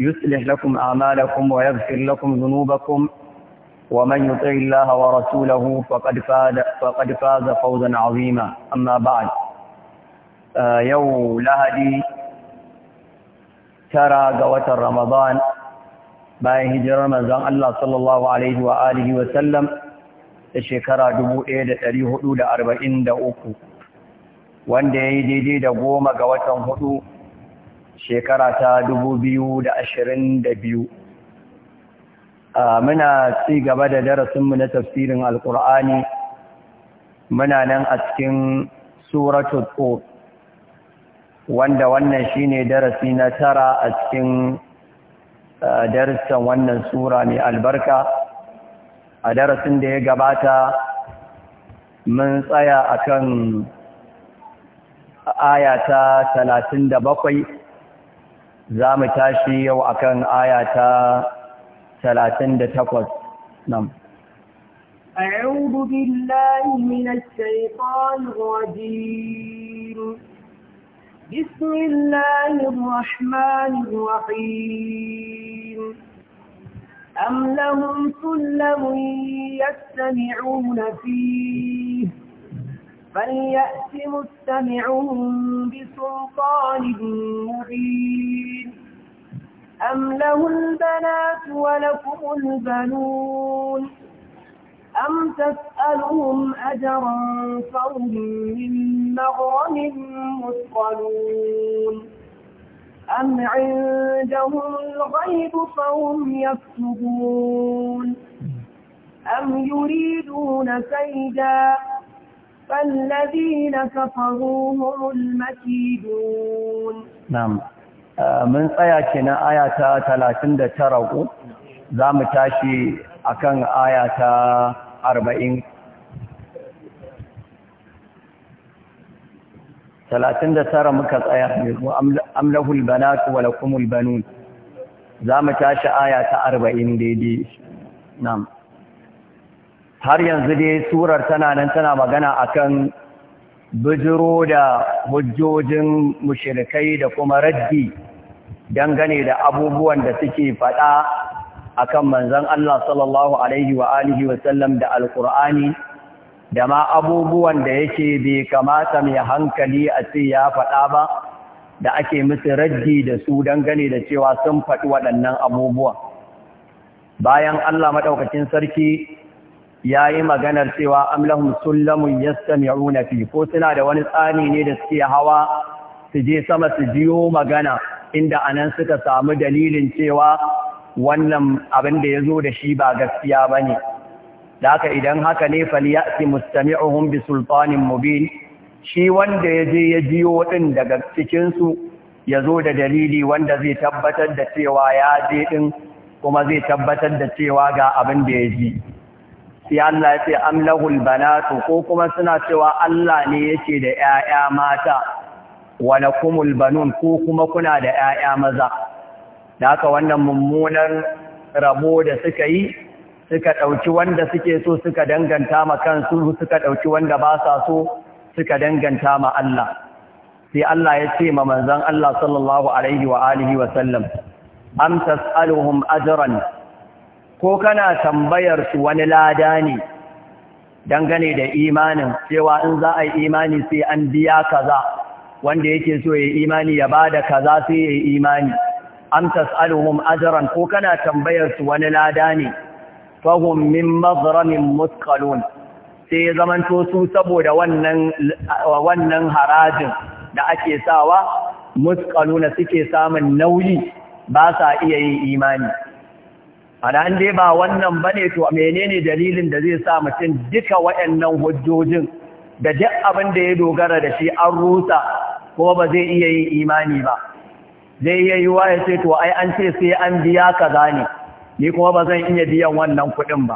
يصلح لكم أعمالكم ويغفر لكم ذنوبكم ومن يطع الله ورسوله فقد فاز فقد فاز فوزا عظيما أما بعد يو لهدي ترى قوة رمضان bayan hijirar manzon Allah sallallahu alaihi wa alihi wa sallam da shekara uku. wanda yayi daidai da goma ga watan hudu shekara ta biyu. muna ci gaba da darasinmu na tafsirin alkur'ani muna nan a cikin suratul qur wanda wannan shine darasi na tara a cikin darasin wannan sura mai albarka a darasin da ya gabata mun tsaya a akan aya ta bakwai. za mu tashi yau akan aya ta 38 nan أعوذ بالله من الشيطان الرجيم بسم الله الرحمن الرحيم أم لهم سلم يستمعون فيه فليأت مستمعهم بسلطان مبين أم له البنات ولكم البنون أم تسألهم أجرا فهم من مغرم مثقلون أم عندهم الغيب فهم يكتبون أم يريدون كيداً فالذين كفروا هم المكيدون نعم من تسياكنا آية 39 zamu tashi akan aya ta 40 39 muka tsaya amlahul banatu wa lakumul banun zamu tashi aya ta arba'in daidai har yanzu dai surar tana nan tana magana akan bijiro da hujjojin mushrikai da kuma raddi dangane da abubuwan da suke faɗa akan manzon Allah sallallahu alaihi wa alihi wa sallam da alqur'ani da ma abubuwan da yake bai kamata mai hankali a ce ya faɗa ba da ake musu raddi da su dangane da cewa sun faɗi waɗannan abubuwa bayan Allah madaukakin sarki ya yi maganar cewa amlahum sullamun yastami'una fi ko suna da wani tsani ne da suke hawa su je sama su jiyo magana inda anan suka samu dalilin cewa wannan abin da ya zo da shi ba gaskiya ba ne da haka idan haka ne faliyati mustami'uhum bi sultanin mubin shi wanda ya je ya jiyo din daga cikinsu ya zo da dalili wanda zai tabbatar da cewa ya je din kuma zai tabbatar da cewa ga abin da ya ji sai Allah ya ce amlahul banatu ko kuma suna cewa Allah ne yake da ƴaƴa mata wa lakumul banun ko kuma kuna da ƴaƴa maza da haka wannan mummunan rabo da suka yi suka ɗauki wanda suke so suka danganta ma kansu suka ɗauki wanda ba sa so suka danganta ma Allah sai Allah ya ce ma manzon Allah sallallahu alaihi wa alihi wa sallam am tas'aluhum ajran ko kana tambayar su wani lada ne dangane da imanin cewa in za a yi imani sai an biya kaza wanda yake so ya imani ya bada kaza sai ya yi imani am tas'aluhum ajran ko kana tambayar su wani lada ne fahum min mazramin sai sai zamanto su saboda wannan harajin da ake sawa muskaluna suke samun nauyi ba sa iya yin imani ana an dai ba wannan bane to menene dalilin da zai sa mutum duka waɗannan hujjojin da duk abin da ya dogara da shi an rusa kuma ba zai iya yin imani ba zai iya yi wa ya ce to ai an ce sai an biya ka gane ni kuma ba zan iya biyan wannan kuɗin ba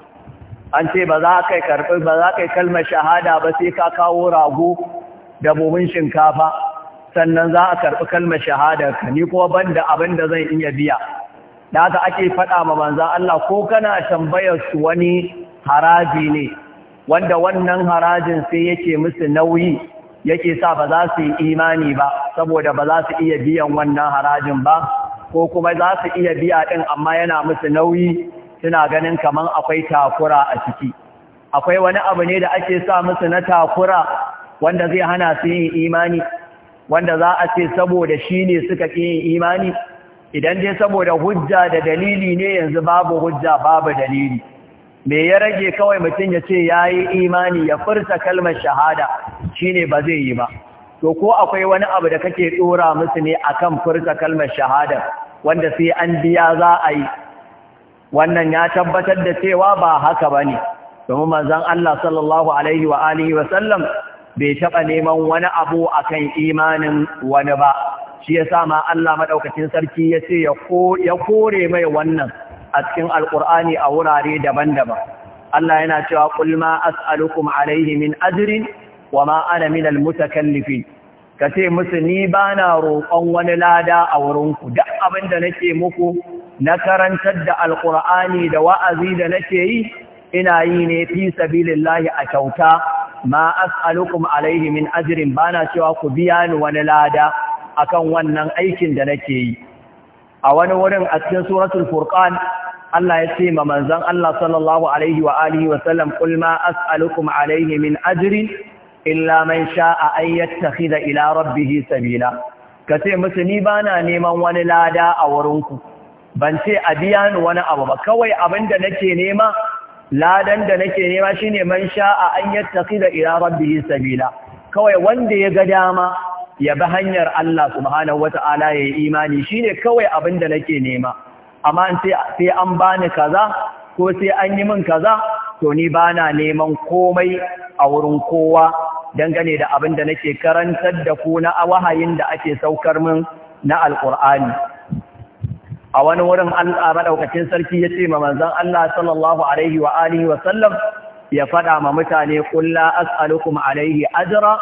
an ce ba za ka karɓi ba za ka kalmar shahada ba sai ka kawo rago da buhun shinkafa sannan za a karɓi kalmar shahada ka ni kuma banda da abin da zan iya biya da haka ake faɗa ma manzan Allah ko kana tambayar su wani haraji ne wanda wannan harajin sai yake musu nauyi yake sa ba za su yi imani ba saboda ba za su iya biyan wannan harajin ba ko kuma za su iya biya ɗin amma yana musu nauyi suna ganin kaman akwai takura a ciki akwai wani abu ne da ake sa musu na takura wanda zai hana su yin imani wanda za a ce saboda shi ne suka ƙi yin imani idan dai saboda hujja da dalili ne yanzu babu hujja babu dalili me ya rage kawai mutum ya ce ya yi imani ya furta kalmar shahada shine ba zai yi ba to ko akwai wani abu da kake tsora musu ne akan furta kalmar shahada wanda sai an biya za a yi wannan ya tabbatar da cewa ba haka bane ne domin manzon Allah sallallahu alaihi wa alihi wa sallam bai taɓa neman wani abu akan imanin wani ba shi sa ma Allah maɗaukacin sarki yace ya ya kore mai wannan a cikin Alƙur'ani a wurare daban-daban Allah yana cewa ƙulma ma as'alukum alayhi min ajrin wama ana min Ka kace musu ni bana roƙon wani lada a wurin ku duk abin da nake muku na karantar da Alƙur'ani da wa'azi da nake yi ina yi ne fi sabilillahi a kyauta ma as'alukum alaihi min ajrin bana cewa ku biya ni wani lada akan wannan aikin da nake yi a wani wurin a cikin suratul furqan Allah ya ce ma manzon Allah sallallahu alaihi wa alihi wa sallam kul ma as'alukum alaihi min ajrin illa man sha'a an yattakhidha ila rabbih sabila kace musu ni bana neman wani lada a wurinku ban ce a biya ni wani abu ba kawai abinda nake nema ladan da nake nema shine man sha'a an yattakhidha ila rabbih sabila kawai wanda ya ga dama ya bi hanyar Allah subhanahu ya yi imani shine kawai abin da nake nema amma sai an bani kaza ko sai an yi min kaza to ni bana neman komai a wurin kowa dangane da abin da nake karantar da ku na wahayin da ake saukar min na alqur'ani a wani wurin Allah madaukakin sarki ya ce ma manzon Allah sallallahu alaihi wa alihi wa sallam ya faɗa ma mutane kullu as'alukum alaihi ajra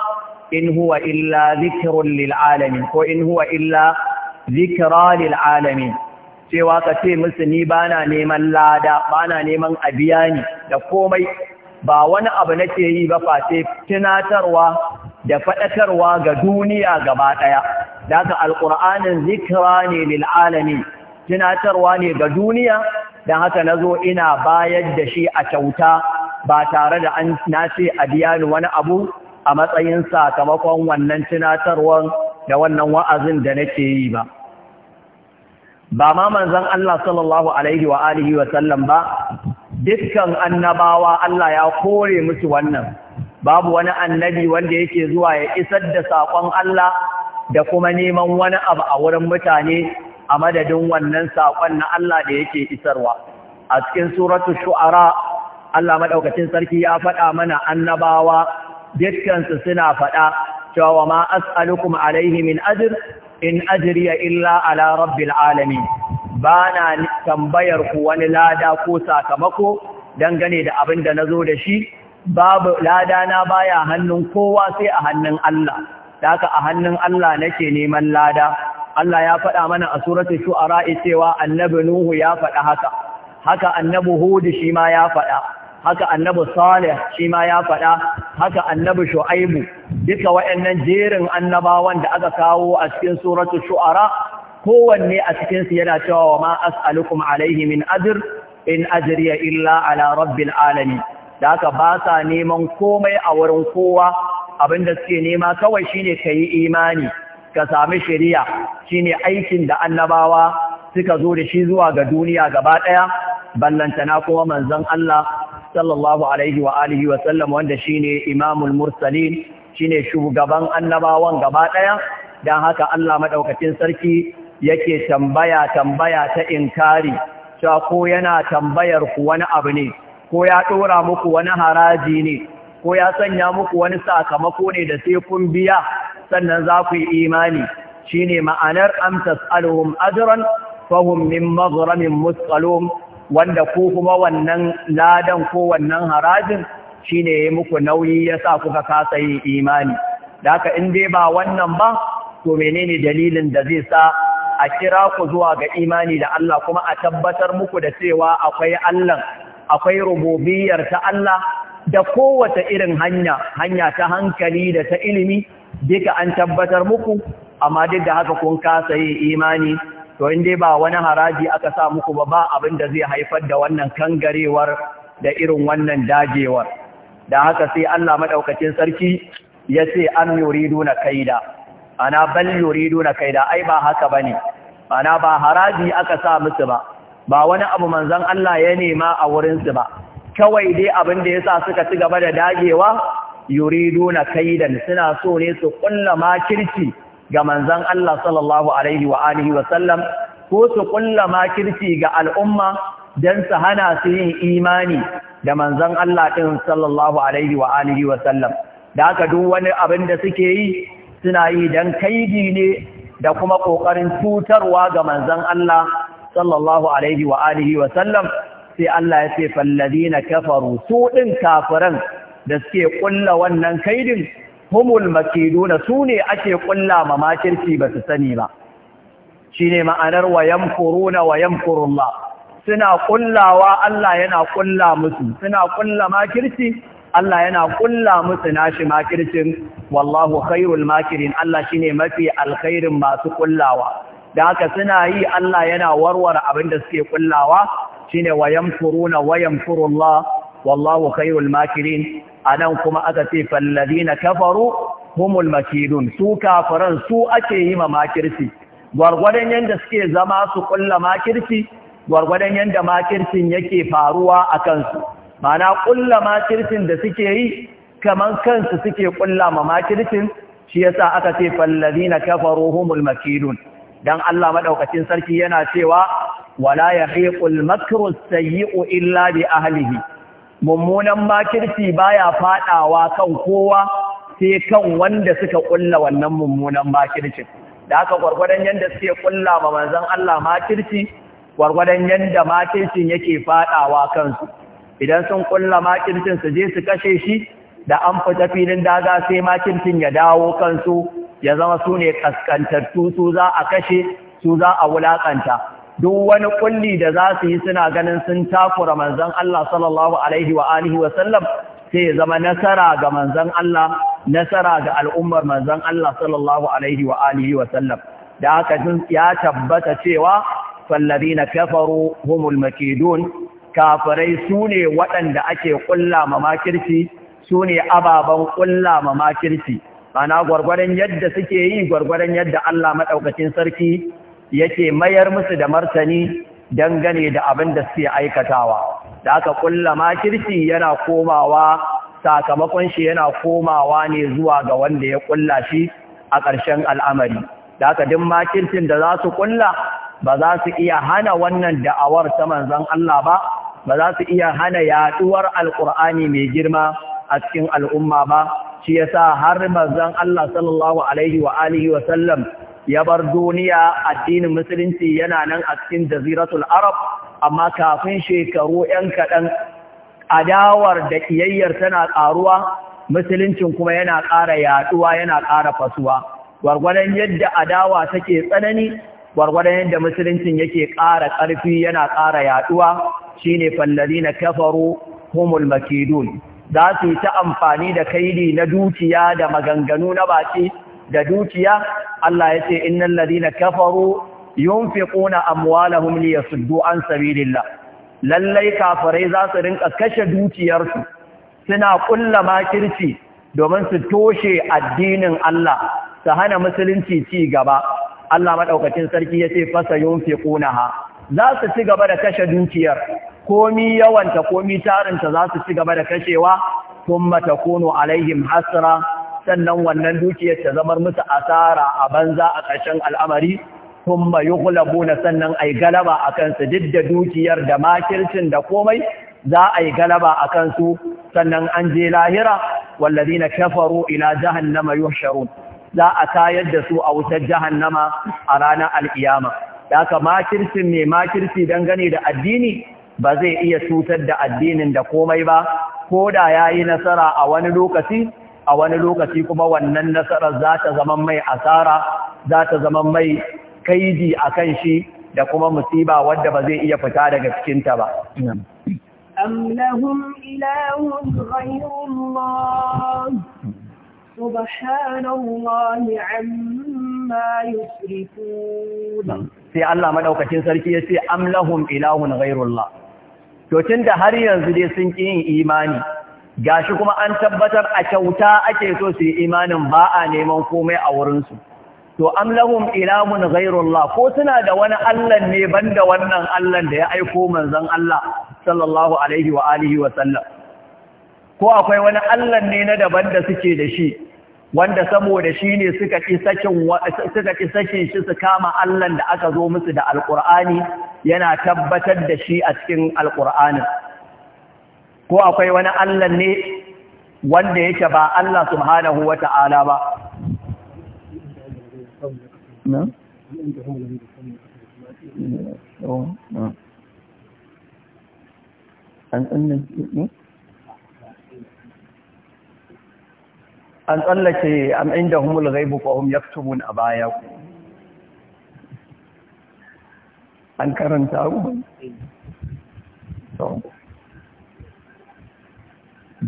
in huwa illa zikirin lil'alami ko in huwa illa zikira lil'alami, cewa ka ce musu ni bana neman lada bana neman abiya ni da komai ba wani abu nake yi ba face tunatarwa da faɗakarwa ga duniya gaba ɗaya da haka alƙur'anin zikira ne lil'alami tunatarwa ne ga duniya don haka na zo ina bayar da shi a kyauta ba tare da na ce a biya ni wani abu a matsayin sakamakon wannan tunatarwar da wannan wa'azin da nake yi ba. Ba ma manzan Allah sallallahu Alaihi wa alihi wa sallam ba, dukkan annabawa Allah ya kore musu wannan, babu wani annabi wanda yake zuwa ya isar da sakon Allah da kuma neman wani abu a wurin mutane a madadin wannan sakon na Allah da yake isarwa. A cikin suratu shu'ara, Allah maɗaukacin sarki ya faɗa mana annabawa dukkansu suna faɗa cewa ma as'alukum alaihi min ajr in ajriya illa ala rabbil alamin bana tambayar ku wani lada ko sakamako dangane da abin da nazo da shi babu lada na baya hannun kowa sai a hannun Allah haka a hannun Allah nake neman lada Allah ya faɗa mana a suratul shu'ara cewa annabi nuhu ya faɗa haka haka annabi hud shi ma ya faɗa haka annabi salih shi ma ya faɗa haka annabi shu'aibu duka waɗannan jerin annabawan da aka kawo a cikin suratul shu'ara kowanne a cikin su yana cewa wa ma as'alukum alaihi min ajr in ajriya illa ala rabbil alamin da haka ba sa neman komai a wurin kowa abinda suke nema kawai shine yi imani ka sami shari'a shine aikin da annabawa suka zo da shi zuwa ga duniya gaba ɗaya ballantana kuma manzon Allah sallallahu alaihi wa alihi wa sallam wanda shine imamul mursalin shine shugaban annabawan gaba daya dan haka Allah madaukakin sarki yake tambaya tambaya ta inkari cewa ko yana tambayar ku wani abu ne ko ya dora muku wani haraji ne ko ya sanya muku wani sakamako ne da sai kun biya sannan za ku yi imani shine ma'anar am tas'aluhum ajran fahum min maghramin musqalum wanda ko kuma wannan ladan ko wannan harajin shine ya muku nauyi ya sa kuka kasa yin imani da haka in dai ba wannan ba to menene dalilin da zai sa a kira ku zuwa ga imani da Allah kuma a tabbatar muku da cewa akwai Allah akwai rububiyar ta Allah da kowace irin hanya hanya ta hankali da ta ilimi duka an tabbatar muku amma duk da haka kun kasa yin imani to in dai ba wani haraji aka sa muku ba ba abin da zai haifar da wannan kangarewar da irin wannan dajewar da haka sai Allah madaukakin sarki ya ce an yuridu na kaida ana bal yuridu na kaida ai ba haka bane ana ba haraji aka sa musu ba ba wani abu manzon Allah ya nema a wurin su ba kawai dai abin da yasa suka ci gaba da dagewa yuridu na kaidan suna so ne su kulla kirki ga manzon Allah sallallahu alaihi wa alihi ko su ƙulla makirci ga al'umma dan su hana su yin imani da manzon Allah ɗin sallallahu alaihi wa alihi da haka duk wani abin da suke yi suna yi dan kaidi ne da kuma ƙoƙarin cutarwa ga manzon Allah sallallahu alaihi wa alihi sai Allah ya ce fallazina kafaru su ɗin kafiran da suke kulla wannan kaidin humul makiduna su ne ake kulla ma makirci ba su sani ba shi ne ma'anar wayan kuruna wayan kurulla suna kullawa Allah yana kulla musu suna kulla makirci Allah yana kulla musu nashi makircin wallahu khairul makirin Allah ne mafi alkhairin masu kullawa da haka suna yi Allah yana warware abin da suke kullawa shine wayan kurulla wallahu khairul makirin anan kuma aka ce na kafaru humul makidun su kafiran su ake yi ma makirci gwargwadon yanda suke zama su kulla makirci gwargwadon yanda makircin yake faruwa a kansu mana kulla makircin da suke yi kaman kansu suke kulla ma makircin shi sa aka ce na kafaru humul makidun dan Allah maɗaukacin sarki yana cewa wala yahiqul makru sayyi'u illa bi ahlihi mummunan makirci baya fadawa kan kowa sai kan wanda suka kulla wannan mummunan makircin da aka gwargwadon yanda suke kulla wa manzon Allah makirci gwargwadon yanda makircin yake fadawa kansu idan sun kulla makircin su je su kashe shi da an fita filin daga sai makircin ya dawo kansu ya zama su ne kaskantattu su za a kashe su za a wulaƙanta. duk wani kulli da za su yi suna ganin sun takura manzon Allah sallallahu alaihi wa alihi wa sallam sai zama nasara ga manzon Allah nasara ga al'ummar manzon Allah sallallahu alaihi wa alihi wa sallam da haka ya tabbata cewa fallazina kafaru humul makidun kafirai sune waɗanda ake kulla makirci, sune ababan kulla makirci. ana gwargwaron yadda suke yi gwargwaron yadda Allah madaukakin sarki yake mayar musu da martani dangane da abin da suke aikatawa da aka kulla makirci yana komawa sakamakon shi yana komawa ne zuwa ga wanda ya kulla shi a ƙarshen al'amari da aka din makircin da za su kulla ba za su iya hana wannan da'awar ta manzon Allah ba ba za su iya hana yaduwar alkur'ani mai girma a cikin al'umma ba shi yasa har manzon Allah sallallahu alaihi wa alihi wa sallam ya bar duniya addinin musulunci yana nan a cikin jaziratul arab amma kafin shekaru 'yan kaɗan adawar da ƙiyayyar tana ƙaruwa musuluncin kuma yana ƙara yaɗuwa yana ƙara fasuwa gwargwadon yadda adawa take tsanani gwargwadon yadda musuluncin yake ƙara ƙarfi yana ƙara yaɗuwa shine fallari na kafaru humul makidun za su yi ta amfani da kaidi na dukiya da maganganu na baki da dukiya Allah ya ce innal ladina kafaru yunfiquna amwalahum liyasuddu an sabilillah lallai kafirai za su rinka kashe dukiyarsu suna kulla makirci domin su toshe addinin Allah su hana musulunci ci gaba Allah madaukakin sarki yace fasa yunfiqunaha za su ci gaba da kashe dukiyar komi yawanta komi tarinta za su ci gaba da kashewa kuma takunu alaihim hasra sannan wannan dukiyar ta zamar musu asara a banza a ƙarshen al'amari thumma na sannan ayi galaba a kansu, duk da dukiyar da makircin da komai za a yi galaba a kansu sannan an je lahira wallazi na kafaru ila jahannama yuhsharun za a tayar da su a wutar jahannama a ranar al'iyama da aka makircin mai makirci dangane da addini ba zai iya cutar da addinin da komai ba ko da ya yi nasara a wani lokaci a wani lokaci kuma wannan nasarar za ta zama mai asara za ta zama mai kaidi a kan shi da kuma musiba wadda ba zai iya fita daga cikinta ba. أم لهم إله غير الله سبحان الله sai Allah maɗaukacin sarki ya ce am lahum ilahun ghairullah to tunda har yanzu dai sun ki yin imani gashi kuma an tabbatar a kyauta ake so su yi imanin ba a neman komai a wurinsu to am lahum ilahun ghairullah ko suna da wani Allah ne banda wannan Allah da ya aiko manzon Allah sallallahu alaihi wa alihi wa sallam ko akwai wani Allah ne na daban da suke da shi wanda saboda shi ne suka ki sakin suka ki shi su kama Allah da aka zo musu da alqur'ani yana tabbatar da shi a cikin alqur'anin ko akwai wani Allah ne wanda yake ba Allah subhanahu wa ta'ala ba hmm? an tsallake am inda humul ghaibu fa hum yaktubun abaya an karanta ku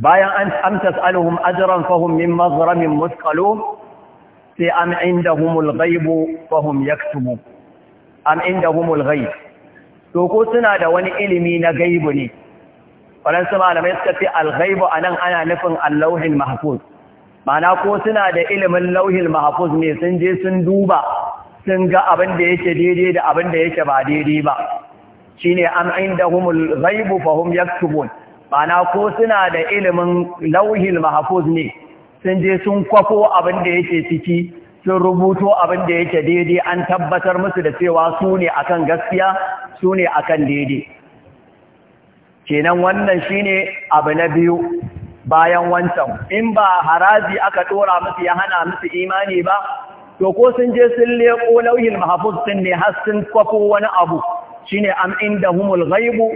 bayan an amtas alhum ajiran fahim min mazramin muskalo sai am inda humul gaibu fahim ya tumu am inda humul gaib to ko suna da wani ilimi na gaibu ne waɗansu malamai suka fi alghaibu a nan ana nufin allauhin mahafuz mana ko suna da ilimin lauhin mahafuz ne sun je sun duba sun ga abin da yake daidai da abin da yake ba daidai ba shine am inda humul ghaibu fahim yaktubun Bana ko suna da ilimin lauhil mahafuz ne sun je sun kwafo abin da yake ciki sun rubuto abin da yake daidai an tabbatar musu da cewa su ne akan gaskiya su ne akan daidai kenan wannan shi ne abu na biyu bayan wancan in ba haraji aka dora musu ya hana musu imani ba to ko sun je sun leko lauhin mahafuz sun ne har sun kwafo wani abu shi shine am humul ghaibu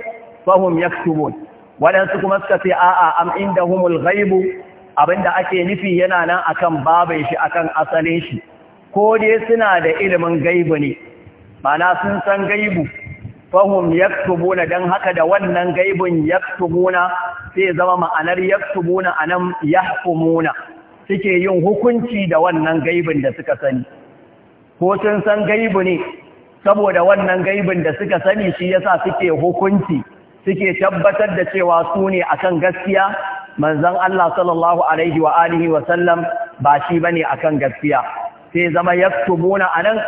fahum yaktubun waɗansu kuma suka ce a'a am inda humul ghaibu abinda ake nufi yana nan akan babin shi akan asalin shi ko dai suna da ilimin gaibu ne mana sun san gaibu fahum yaktubuna dan haka da wannan gaibun yaktubuna sai zama ma'anar yaktubuna anan yahkumuna suke yin hukunci da wannan ga'ibun da suka sani ko sun san gaibu ne saboda wannan gaibin da suka sani shi yasa suke hukunci suke tabbatar da cewa su ne akan gaskiya manzan Allah sallallahu alaihi wa alihi wa sallam ba ne bane akan gaskiya sai zama ya yaktubuna anan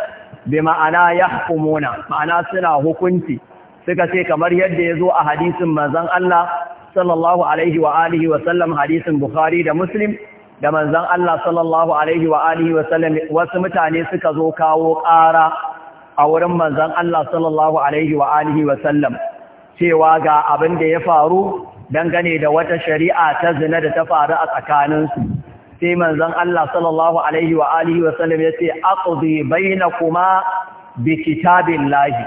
bi ma'ana ya kumuna. ma'ana suna hukunci suka ce kamar yadda ya zo a hadisin manzan Allah sallallahu alaihi wa alihi wa hadisin Bukhari da Muslim da manzan Allah sallallahu alaihi wa alihi wa wasu mutane suka zo kawo ƙara a wurin manzan Allah sallallahu alaihi wa alihi wa sallam cewa ga abin da ya faru dangane da wata shari'a ta zina da ta faru a tsakaninsu sai manzon Allah sallallahu alaihi wa alihi wa sallam ya ce aqdi bainakuma bi kitabillahi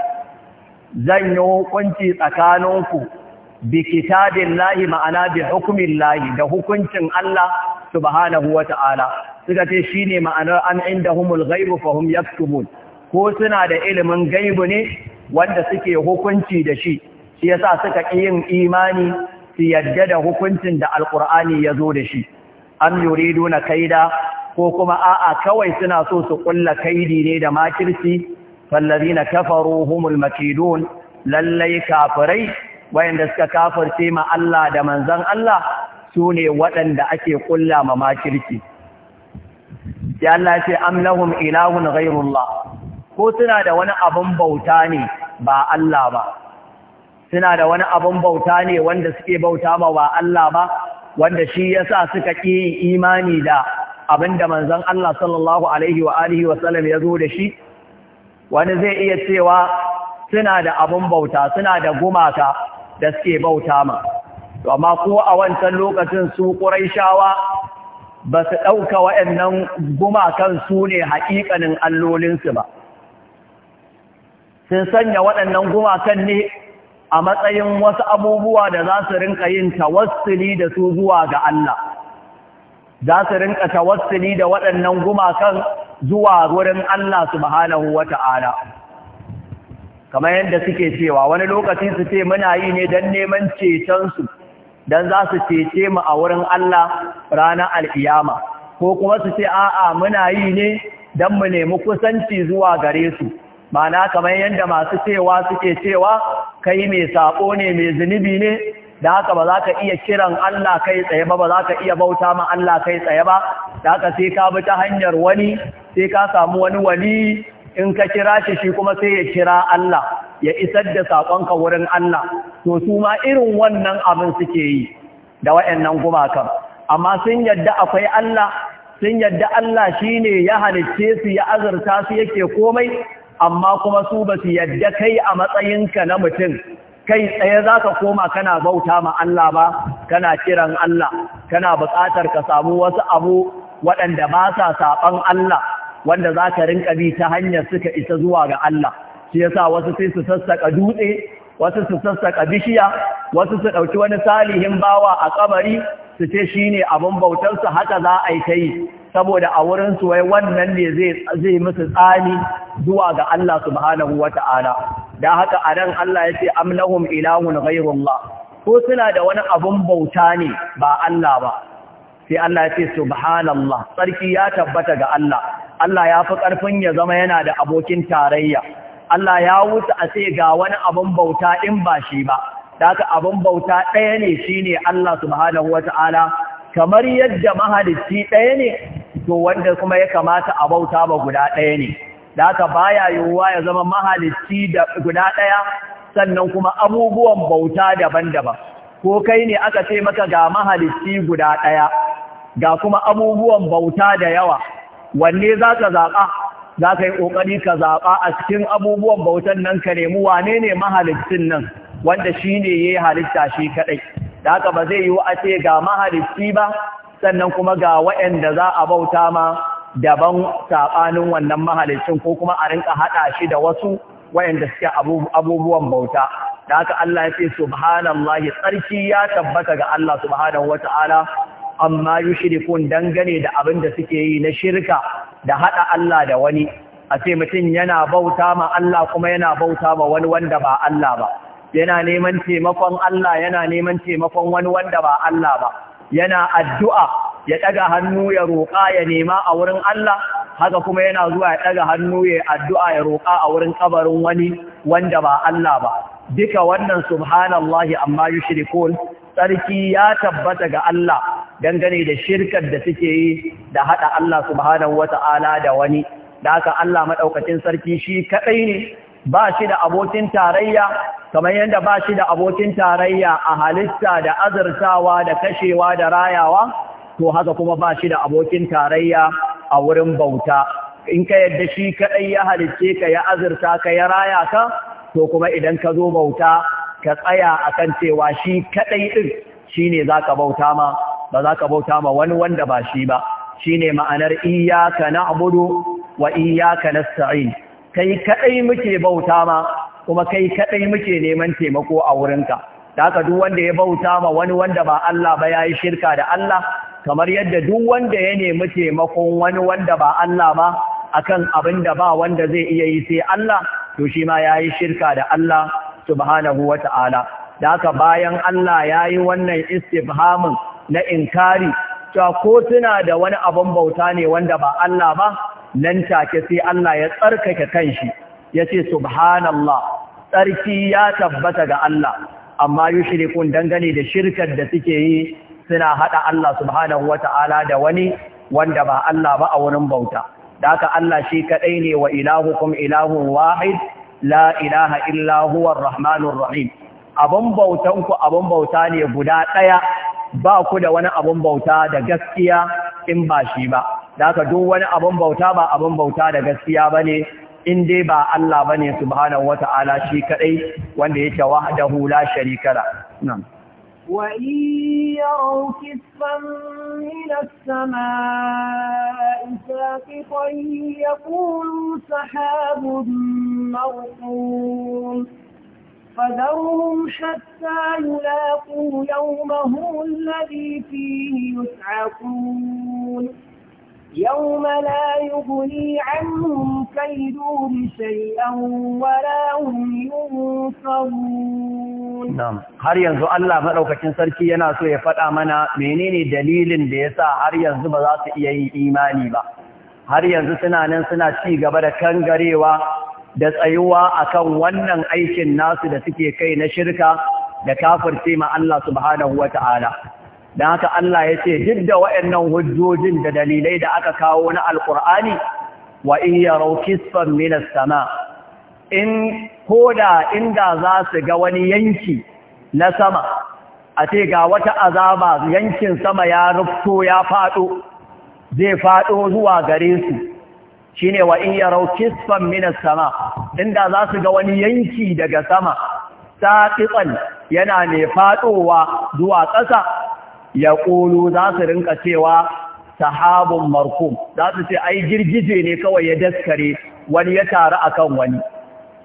zan yi hukunci tsakaninku bi kitabillahi ma'ana bi hukmillahi da hukuncin Allah subhanahu wa suka ce shine ma'anar an indahumul ghaibu fahum yaktubun ko suna da ilimin gaibu ne wanda suke hukunci da shi shi yasa suka ki yin imani su yadda da hukuncin da Alkur'ani ya zo da shi am yuridu na kaida ko kuma a'a kawai suna so su ƙulla kaidi ne da makirci fallazina kafaru humul makidon lallai kafirai wayanda suka kafirce ma Allah da manzan Allah sune waɗanda ake ƙulla ma makirci ya Allah ce am lahum ilahun ko suna da wani abun bauta ne ba Allah ba suna da wani abin bauta ne wanda suke bauta ma ba Allah ba wanda shi yasa suka ƙi imani da abinda manzon Allah sallallahu alaihi wa alihi wa ya zo da shi wani zai iya cewa suna da abin bauta suna da gumaka da suke bauta ma to amma ko a wancan lokacin su Quraishawa ba su ɗauka waɗannan gumakan su ne haƙiƙanin allolinsu ba sun sanya waɗannan gumakan ne a matsayin wasu abubuwa da za su rinka yin tawassuli da su zuwa ga Allah za su rinka tawassuli da waɗannan gumakan zuwa wurin Allah subhanahu wata'ala kamar yadda suke cewa wani lokaci su ce muna yi ne don neman cetonsu don za su cece mu a wurin Allah ranar al'iyama ko kuma su ce a'a muna yi ne don mu nemi kusanci zuwa gare su ma'ana kamar yadda masu cewa suke cewa kai mai sako ne mai zunubi ne da haka ba za ka iya kiran Allah kai tsaye ba ba za ka iya bauta ma Allah kai tsaye ba da haka sai ka bi ta hanyar wani sai ka samu wani wali in ka kira shi shi kuma sai ya kira Allah ya isar da sakonka wurin Allah to su ma irin wannan abin suke yi da wayannan gumakan amma sun yadda akwai Allah sun yadda Allah shine ya halicce su ya azurta su yake komai amma kuma su ba su yadda kai a matsayinka na mutum kai tsaye za ka koma kana bauta ma Allah ba kana kiran Allah kana buƙatar ka samu wasu abu waɗanda ba sa saɓan Allah wanda za ka rinka bi ta hanyar suka isa zuwa ga Allah shi yasa wasu sai su sassaƙa dutse wasu su sassaƙa bishiya wasu su ɗauki wani salihin bawa a kabari su ce shi ne abin bautarsa haka za a yi ta yi saboda a wurin su wai wannan ne zai zai musu tsani zuwa ga Allah subhanahu wata'ala dan haka nan Allah ya ce amlahum ilahun ghayrullah ko suna da wani abun bauta ne ba Allah ba sai Allah yace subhanallah sarki ya tabbata ga Allah Allah ya fi karfin ya zama yana da abokin tarayya Allah ya wuce a ce ga wani abun bauta in ba shi ba da haka abun bauta ɗaya ne shine Allah subhanahu wata'ala kamar yadda mahalicci ɗaya ne to wanda kuma ya kamata a bauta ba guda ɗaya ne da haka baya yiwuwa ya zama mahalicci da guda ɗaya sannan kuma abubuwan bauta daban-daban ko kai ne aka ce maka ga mahalicci guda ɗaya ga kuma abubuwan bauta da yawa wanne za ka zaɓa za ka yi ƙoƙari ka zaɓa a cikin abubuwan bautan nan ka nemi wane ne mahalicci nan wanda shi ne ya yi halitta shi kaɗai da aka ba zai yiwu a ce ga mahalicci ba sannan kuma ga waɗanda za a bauta ma daban saɓanin wannan mahalicin ko kuma a rinka haɗa shi da wasu waɗanda suke abubuwan bauta. Da haka Allah ya ce, Subhanallahi, tsarki ya tabbata ga Allah Subhanahu wata'ala, amma yi dangane da abin da suke yi na shirka da haɗa Allah da wani, a ce mutum yana bauta ma Allah kuma yana bauta ma wani wanda ba Allah ba. Yana neman taimakon Allah yana neman taimakon wani wanda ba Allah ba. yana addu'a ya ɗaga hannu ya roƙa ya nema a wurin Allah haka kuma yana zuwa ya ɗaga hannu ya addu'a ya roƙa a wurin ƙabarin wani wanda ba Allah ba duka wannan subhanallahi amma yushrikun tsarki ya tabbata ga Allah dangane da shirkar da suke yi da haɗa Allah subhanahu wata'ala da wani da haka Allah maɗaukacin sarki shi kaɗai ne ba shi da abokin tarayya kamar yadda ba shi da abokin tarayya a halitta da azurtawa da kashewa da rayawa to haka kuma ba shi da abokin tarayya a wurin bauta in ka yadda shi kaɗai ya halitce, ka ya azurta ka ya raya ka to kuma idan ka zo bauta ka tsaya a kan cewa shi kaɗai ɗin shi ne za ka bauta ma ba za ka bauta ma wani wanda ba shi ba shi ne ma'anar iyaka na abudu wa iyaka na sa'in kai kaɗai muke bauta ma kuma kai kaɗai muke neman taimako a wurinka da haka duk wanda ya bauta ma wani wanda ba Allah ba ya yi shirka da Allah kamar yadda duk wanda ya nemi taimakon wani wanda ba Allah ba akan abin da ba wanda zai iya yi sai Allah to shi ma ya yi shirka da Allah subhanahu wa ta'ala da haka bayan Allah ya yi wannan istifhamin na inkari cewa ko suna da wani abin bauta ne wanda ba Allah ba nan take sai Allah ya tsarkake kanshi ya ce subhanallah tsarki ya tabbata ga Allah amma yushrikun dangane da shirkar da suke yi suna haɗa Allah subhanahu wata'ala da wani wanda ba Allah ba a wurin bauta da aka Allah shi kadai ne wa ilahu kum ilahun wahid la ilaha illa huwa arrahmanur rahim abun bautan ku abun bauta ne guda ɗaya. ba ku da wani abun bauta da gaskiya in ba shi ba da haka duk wani abun bauta ba abun bauta da gaskiya bane in dai ba Allah bane subhanahu wata'ala shi kadai wanda yake wahdahu la sharika la na'am wa yaru kisfan min as-samaa'i saqitan yaqulu sahabun mawqun فذرهم حتى يلاقوا يومهم الذي فيه يسعقون يوم لا يغني عنهم كيدهم شيئا ولا هم ينصرون نعم har yanzu Allah madaukakin sarki yana so ya faɗa mana menene dalilin da yasa har yanzu ba za su iya yin imani ba har yanzu suna nan suna ci gaba da kangarewa da tsayuwa akan wannan aikin nasu da suke kai na shirka da kafirce ma Allah subhanahu ta'ala. da haka Allah ya ce duk da waɗannan hujjojin da dalilai da aka kawo na alkur'ani wa in yarau kisfan sama in koda inda za su ga wani yanki na sama a ce ga wata azaba yankin sama ya rufto ya faɗo zai faɗo zuwa gare su shine wa in yarau kisfan sama inda za su ga wani yanki daga sama saqiqan yana mai faɗowa zuwa ƙasa ya ƙulu za su rinka cewa sahabun markum za su ce ai girgije ne kawai ya daskare wani ya taru a kan wani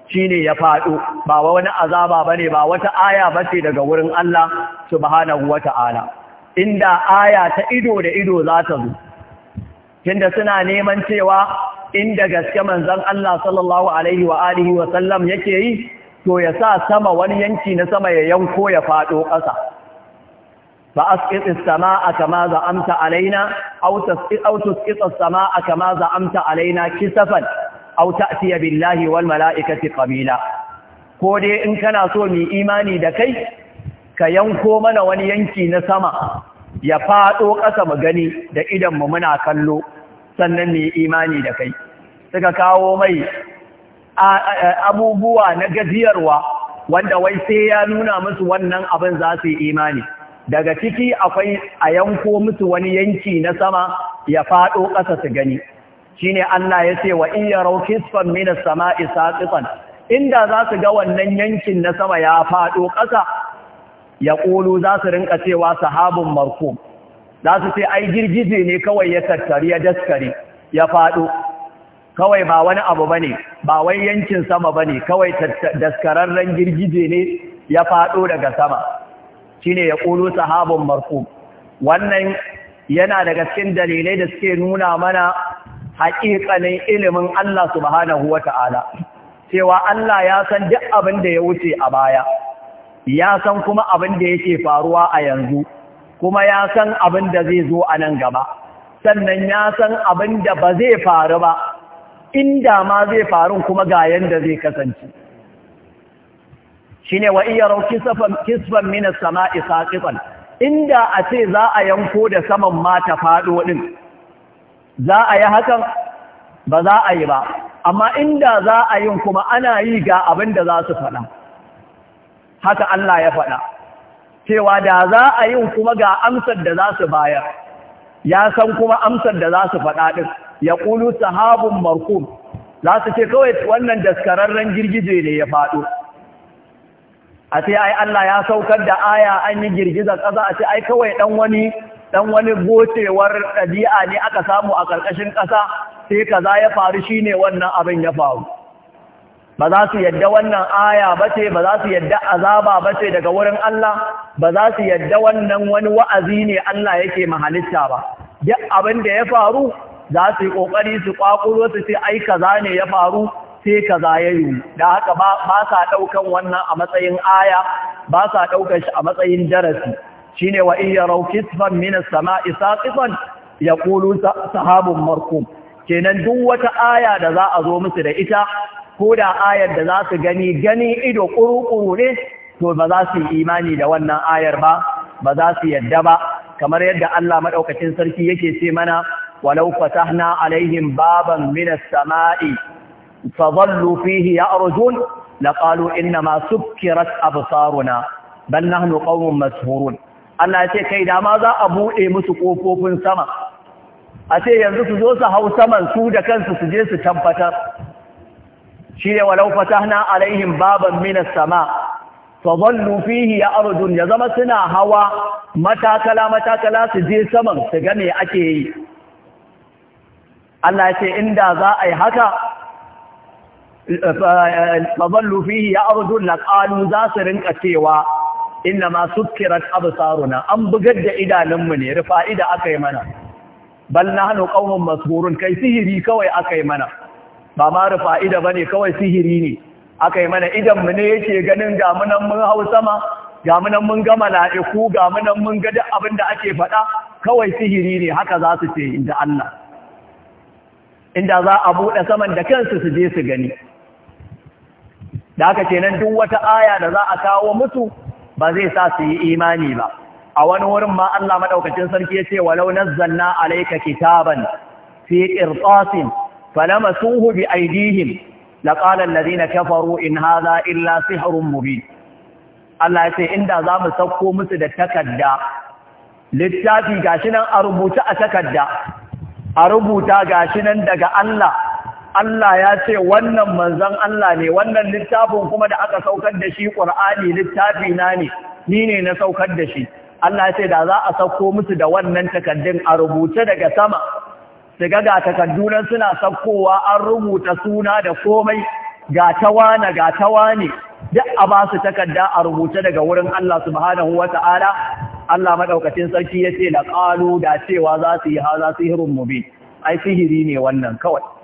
shi ne ya faɗo ba wani azaba ba ne ba wata aya ba ce daga wurin Allah subhanahu wa ta'ala inda aya ta ido da ido za ta zo tunda suna neman cewa inda gaske manzon Allah sallallahu alaihi wa alihi wa sallam yake yi to ya sa sama wani yanki na sama ya yanko ya faɗo ƙasa فأسقط السماء كما زعمت علينا أو تسقط, أو تسقط السماء كما زعمت علينا كسفا أو تأتي بالله والملائكة قبيلا كودي إن كان أصولي إيماني دكي كينكو من ونينكي نسما يفاتو قسم غني دا إدم ممنا كلو سنني إيماني دكي سكاكاو مي abubuwa na gajiyarwa wanda wai sai ya nuna musu wannan abin za su yi imani daga ciki akwai a yanko musu wani yanki na sama ya faɗo ƙasa su gani Shi shine Allah ya ce wa in yaraw kisfan min inda za su ga wannan yankin na sama ya faɗo ƙasa ya ƙulu za su rinka cewa sahabun marko za su ce ai girgije ne kawai ya tattari ya daskare ya faɗo kawai ba wani abu ba ne ba wai yankin sama ba ne kawai daskararren girgije ne ya faɗo daga sama shine ya kulu sahabun marfu wannan yana daga cikin dalilai da suke nuna mana haƙiƙanin ilimin Allah subhanahu wata'ala cewa Allah ya san duk abin da ya wuce a baya ya san kuma abin da yake faruwa a yanzu kuma ya san abin da zai zo a nan gaba sannan ya san abin da ba zai faru ba inda ma zai faru kuma ga yanda zai kasance shine wa iya rauki kisfan kisfan min as-sama'i inda a ce za a yanko da saman ma ta fado din za a yi hakan ba za a yi ba amma inda za a yin kuma ana yi ga abin da za su faɗa haka Allah ya faɗa cewa da za a yi kuma ga amsar da za su bayar ya san kuma amsar da za su faɗa ɗin ya kulu sahabun markum za su ce kawai wannan daskararren girgije ne ya faɗo a ce ai Allah ya saukar da aya an yi girgizar ƙasa a ce ai kawai dan wani dan wani gocewar ɗabi'a ne aka samu a ƙarƙashin ƙasa sai kaza ya faru shine wannan abin ya faru ba za su yadda wannan aya ba ce ba za su yadda azaba ba ce daga wurin Allah ba za su yadda wannan wani wa'azi ne Allah yake mahalitta ba duk abin da ya faru za su yi ƙoƙari su kwakuro su ce ai kaza ne ya faru sai kaza ya yi da haka ba sa ɗaukan wannan a matsayin aya ba sa ɗaukan shi a matsayin darasi shine wa in yarau kisfan min as-sama'i ya kulu sahabun marko. kenan duk wata aya da za a zo musu da ita ko da ayar da za su gani gani ido kuru-kuru ne to ba za su yi imani da wannan ayar ba ba za su yadda ba kamar yadda Allah madaukakin sarki yake ce mana walau fatahna alaihim baban minas sama'i فظلوا فيه يأرجون لقالوا إنما سكرت أبصارنا بل نحن قوم مسهورون Allah ya ce kai da ma za a buɗe musu ƙofofin sama a ce yanzu su zo su hau saman su da kansu su je su tabbatar shi ne walau fatahna baban minas sama fa zallu fihi ya ardun ya zama suna hawa matakala matakala su je saman su ga me ake yi Allah ya ce inda za a yi haka fazallu fihi ya ardun na ƙanu za su rinka cewa inna ma sukkirat absaruna an bugar da idanunmu ne rufa ida aka yi mana bal nahnu qaumun masburun kai sihiri kawai aka yi mana ba ma rufa ida bane kawai sihiri ne aka yi mana idan mu ne yake ganin ga munan mun hau sama ga munan mun ga mala'iku ga mun ga duk abin da ake faɗa kawai sihiri ne haka za su ce inda Allah inda za a buɗe saman da kansu su je su gani da aka ce nan duk wata aya da za a kawo musu ba zai sa su yi imani ba a wani wurin ma Allah madaukakin sarki yace walau nazzalna alayka kitaban fi qirtasin falamasuhu bi aydihim laqala alladhina kafaru in hadha illa sihrun mubin Allah yace inda za mu sauko musu da takarda littafi gashi nan a rubuta a takarda a rubuta gashi nan daga Allah Allah ya ce wannan manzan Allah ne wannan littafin kuma da aka saukar da shi ƙur'ani littafi na ne ni ne na saukar da shi Allah ya ce da za a sauko musu da wannan takaddun a rubuce daga sama su ga ga nan suna saukowa an rubuta suna da komai ga tawana ga tawane duk a ba su takarda a rubuce daga wurin Allah subhanahu wata'ala Allah madaukakin sarki yace ce da cewa za su yi ha su yi mubin ai sihiri ne wannan kawai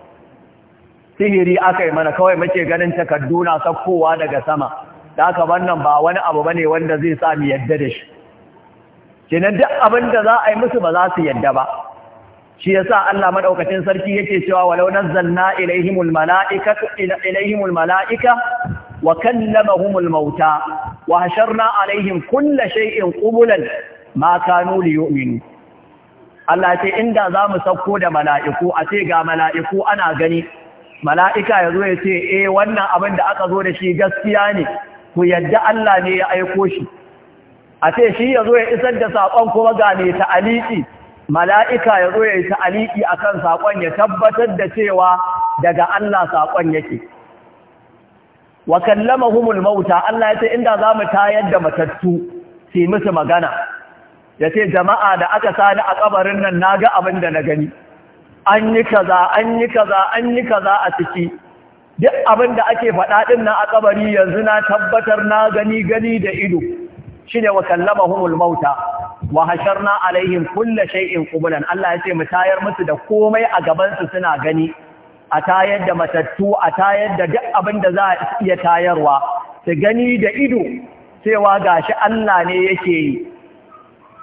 sihiri aka yi mana kawai muke ganin takardu na sakkowa daga sama da haka wannan ba wani abu bane wanda zai sa mu yadda da shi kenan duk abin da za a yi musu ba za su yadda ba shi yasa Allah madaukakin sarki yake cewa walau nazzalna ilaihimul ilaihimu ilaihimul malaika wa kallamahumul mauta wa hasharna alaihim kulla shay'in qubulan ma kanu liyu'minu Allah ce inda za mu sauko da mala'iku a ce ga mala'iku ana gani mala'ika ya zo ya ce eh wannan abin da aka zo da shi gaskiya ne ku yadda Allah ne ya aiko shi a ce shi ya zo ya isar da saƙon kuma ga ta Aliƙi. mala'ika ya zo ya yi ta'aliƙi a kan saƙon ya tabbatar da cewa daga Allah saƙon yake wa kallama humul mauta Allah ya ce inda za mu tayar da matattu su musu magana ya ce jama'a da aka sani a ƙabarin nan na ga abin da na gani an yi kaza an yi kaza an yi kaza a ciki duk abin da ake faɗa ɗin na a yanzu na tabbatar na gani gani da ido shine wa kallamahumul mauta wa hasharna alaihim kulla shay'in qublan Allah ya ce mu tayar musu da komai a gaban su suna gani a tayar da matattu a tayar da duk abin da za a iya tayarwa su gani da ido cewa gashi Allah ne yake yi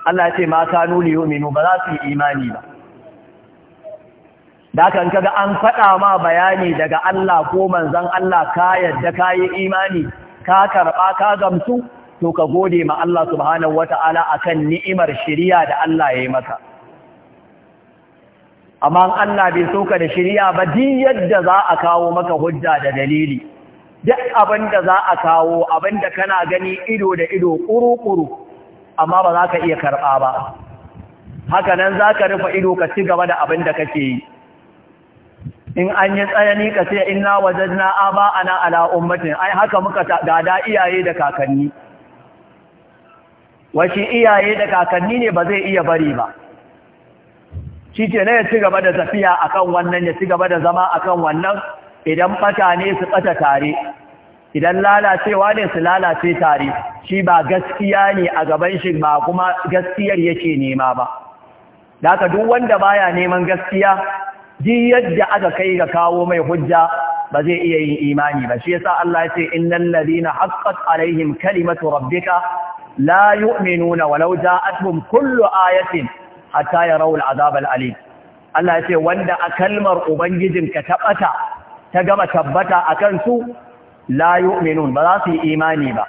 Allah ya ce ma kanu liyuminu ba za su yi imani ba da aka in kaga an faɗa ma bayani daga Allah ko manzon Allah ka yadda ka yi imani ka karɓa ka gamsu to ka gode ma Allah subhanahu wata'ala akan ni'imar shirya da Allah ya yi maka amma Allah bai so ka da shirya ba din yadda za a kawo maka hujja da dalili duk abin da za a kawo abin da kana gani ido da ido kuru-kuru amma ba za ka iya karɓa ba haka nan za ka rufe ido ka ci gaba da abin da kake yi in an yi tsayani ka ce wajen wajadna aba ana ala mutum, ai haka muka gada iyaye da kakanni wace iyaye da kakanni ne ba zai iya bari ba shi ke na ya ci gaba da tafiya kan wannan ya ci gaba da zama a kan wannan idan fata ne su ɓata tare idan lalacewa ne su lalace tare shi ba gaskiya ne a gaban shi ba kuma gaskiyar yake nema ba da duk wanda baya neman gaskiya duk yadda aka kai ga kawo mai hujja ba zai iya yin imani ba shi yasa Allah ya ce innal ladina haqqat alaihim kalimatu rabbika la yu'minuna walau ja'atuhum kullu ayatin hatta yarawul azab al Allah ya ce wanda a kalmar ubangijin ka tabbata ta gama tabbata akan su la yu'minun ba za su yi imani ba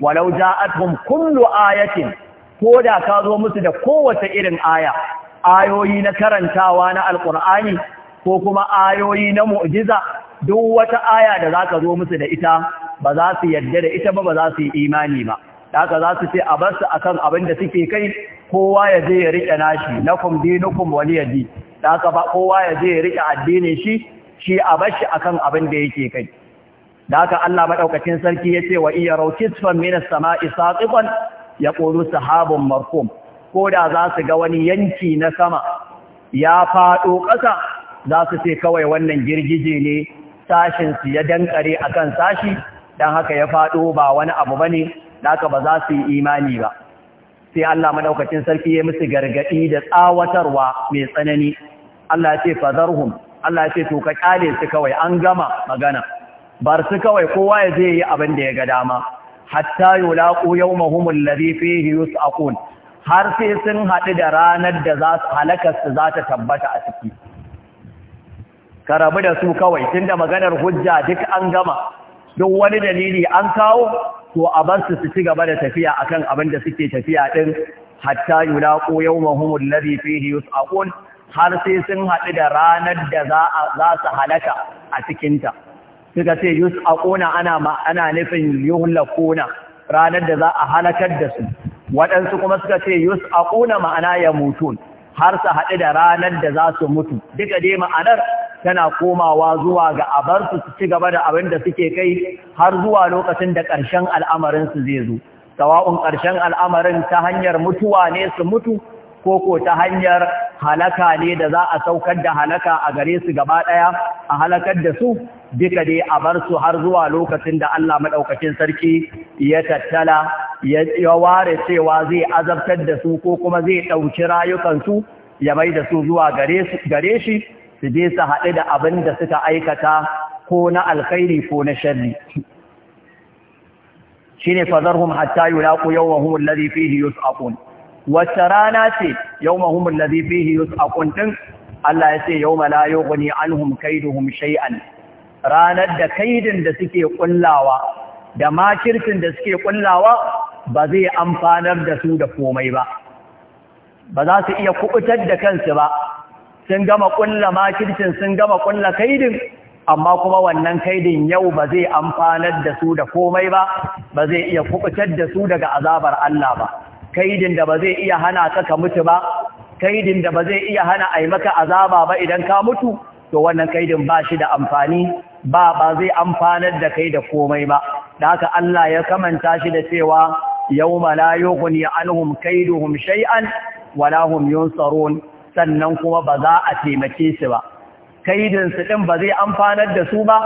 walau ja'atuhum kullu ayatin ko da ka zo musu da kowace irin aya ayoyi na karantawa na alkur'ani ko kuma ayoyi na mu'jiza duk wata aya da zaka zo musu da ita ba za su yarda da ita ba ba za su yi imani ba haka za su ce a bar su akan abin da suke kai kowa ya je ya rike nashi lakum dinukum waliyadi haka ba kowa ya je ya rike addinin shi shi a bar shi akan abin da yake kai da haka Allah madaukakin sarki yace wa iya kisfan minas sama'i saqiqan yaqulu sahabun marhum ko da za su ga wani yanki na sama ya faɗo ƙasa za su ce kawai wannan girgije ne su ya dankare a kan sashi don haka ya faɗo ba wani abu ba ne haka ba za su yi imani ba sai Allah maɗaukacin sarki ya musu gargaɗi da tsawatarwa mai tsanani Allah ya ce fazarhum Allah ya ce to ka kyale su kawai an gama magana bar su kawai kowa ya zai yi abin da ya ga dama hatta yulaqu yawmahum alladhi fihi yus'aqun har sai sun haɗu da ranar da za su halakarsu za ta tabbata a ciki ka rabu da su kawai tun da maganar hujja duk an gama duk wani dalili an kawo to a bar su su ci gaba da tafiya a kan abin da suke tafiya ɗin hatta yulaqu yawmahum alladhi fihi yus'aqun har sai sun haɗu da ranar da za su halaka a cikinta, suka ce a ana ana nufin yi ƙona ranar da za a halakar da su waɗansu kuma suka ce yus ƙuna ma'ana ya mutu har su haɗu da ranar da za su mutu duka dai ma'anar tana komawa zuwa ga abarsu su ci gaba da abin da suke kai har zuwa lokacin da ƙarshen al'amarin su zai zo sawa'un ƙarshen al'amarin ta hanyar mutuwa ne su mutu ko ko ta hanyar halaka ne da za a saukar da halaka a gare su gaba ɗaya a halakar da su duka dai a bar su har zuwa lokacin da Allah maɗaukacin sarki ya tattala ya ware cewa zai azabtar da su ko kuma zai ɗauki rayukansu ya mai da su zuwa gare shi su je su haɗu da abin da suka aikata ko na alkhairi ko na sharri shine fazarhum hatta yulaqu yawmahum alladhi fihi yus'aqun wata rana ce yawmahum alladhi fihi yus'aqun din Allah ya ce yawma la yughni anhum kaiduhum shay'an ranar da kaidin da suke kullawa da makircin da suke kullawa ba zai amfanar da su da komai ba ba za su iya kubutar da kansu ba sun gama kulla makircin sun gama kulla kaidin amma kuma wannan kaidin yau ba zai amfanar da su da komai ba ba zai iya kubutar da su daga azabar Allah ba kaidin da ba zai iya hana ka ka mutu ba kaidin da ba zai iya hana ai maka azaba ba idan ka mutu to wannan kaidin ba shi da amfani ba ba zai amfanar da kai da komai ba da haka Allah ya kamanta shi da cewa yawma la yughni anhum kaiduhum shay'an wala hum yunsarun sannan kuma ba za a taimake su ba kaidin su din ba zai amfanar da su ba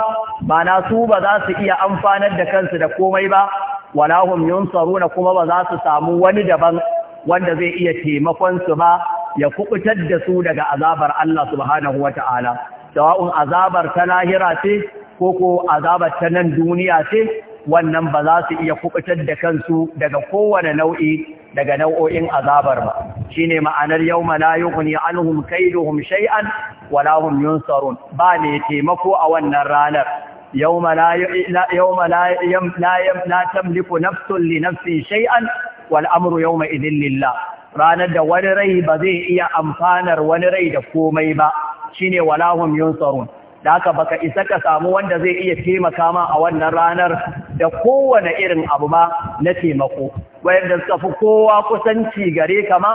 ba na su ba za su iya amfanar da kansu da komai ba wala hum yunsarun kuma ba za su samu wani daban wanda zai iya taimakon su ba ya kubutar da su daga azabar Allah subhanahu wata'ala sawa'un azabar ta lahira ce ko ko azabar ta nan duniya ce wannan ba za su iya kubutar da kansu daga kowane nau'i daga nau'o'in azabar ba shine ma'anar yawma la yughni anhum kaiduhum shay'an wala hum yunsarun ba ne taimako a wannan ranar yawma la yawma la yam la tamliku nafsun li nafsin shay'an wal amru yawma idin lillah ranar da wani rai ba zai iya amfanar wani rai da komai ba shine walahum yunsarun da haka baka isa ka samu wanda zai iya taimaka ma a wannan ranar da kowane irin abu ba na taimako wayanda suka fi kowa kusanci gare ka ma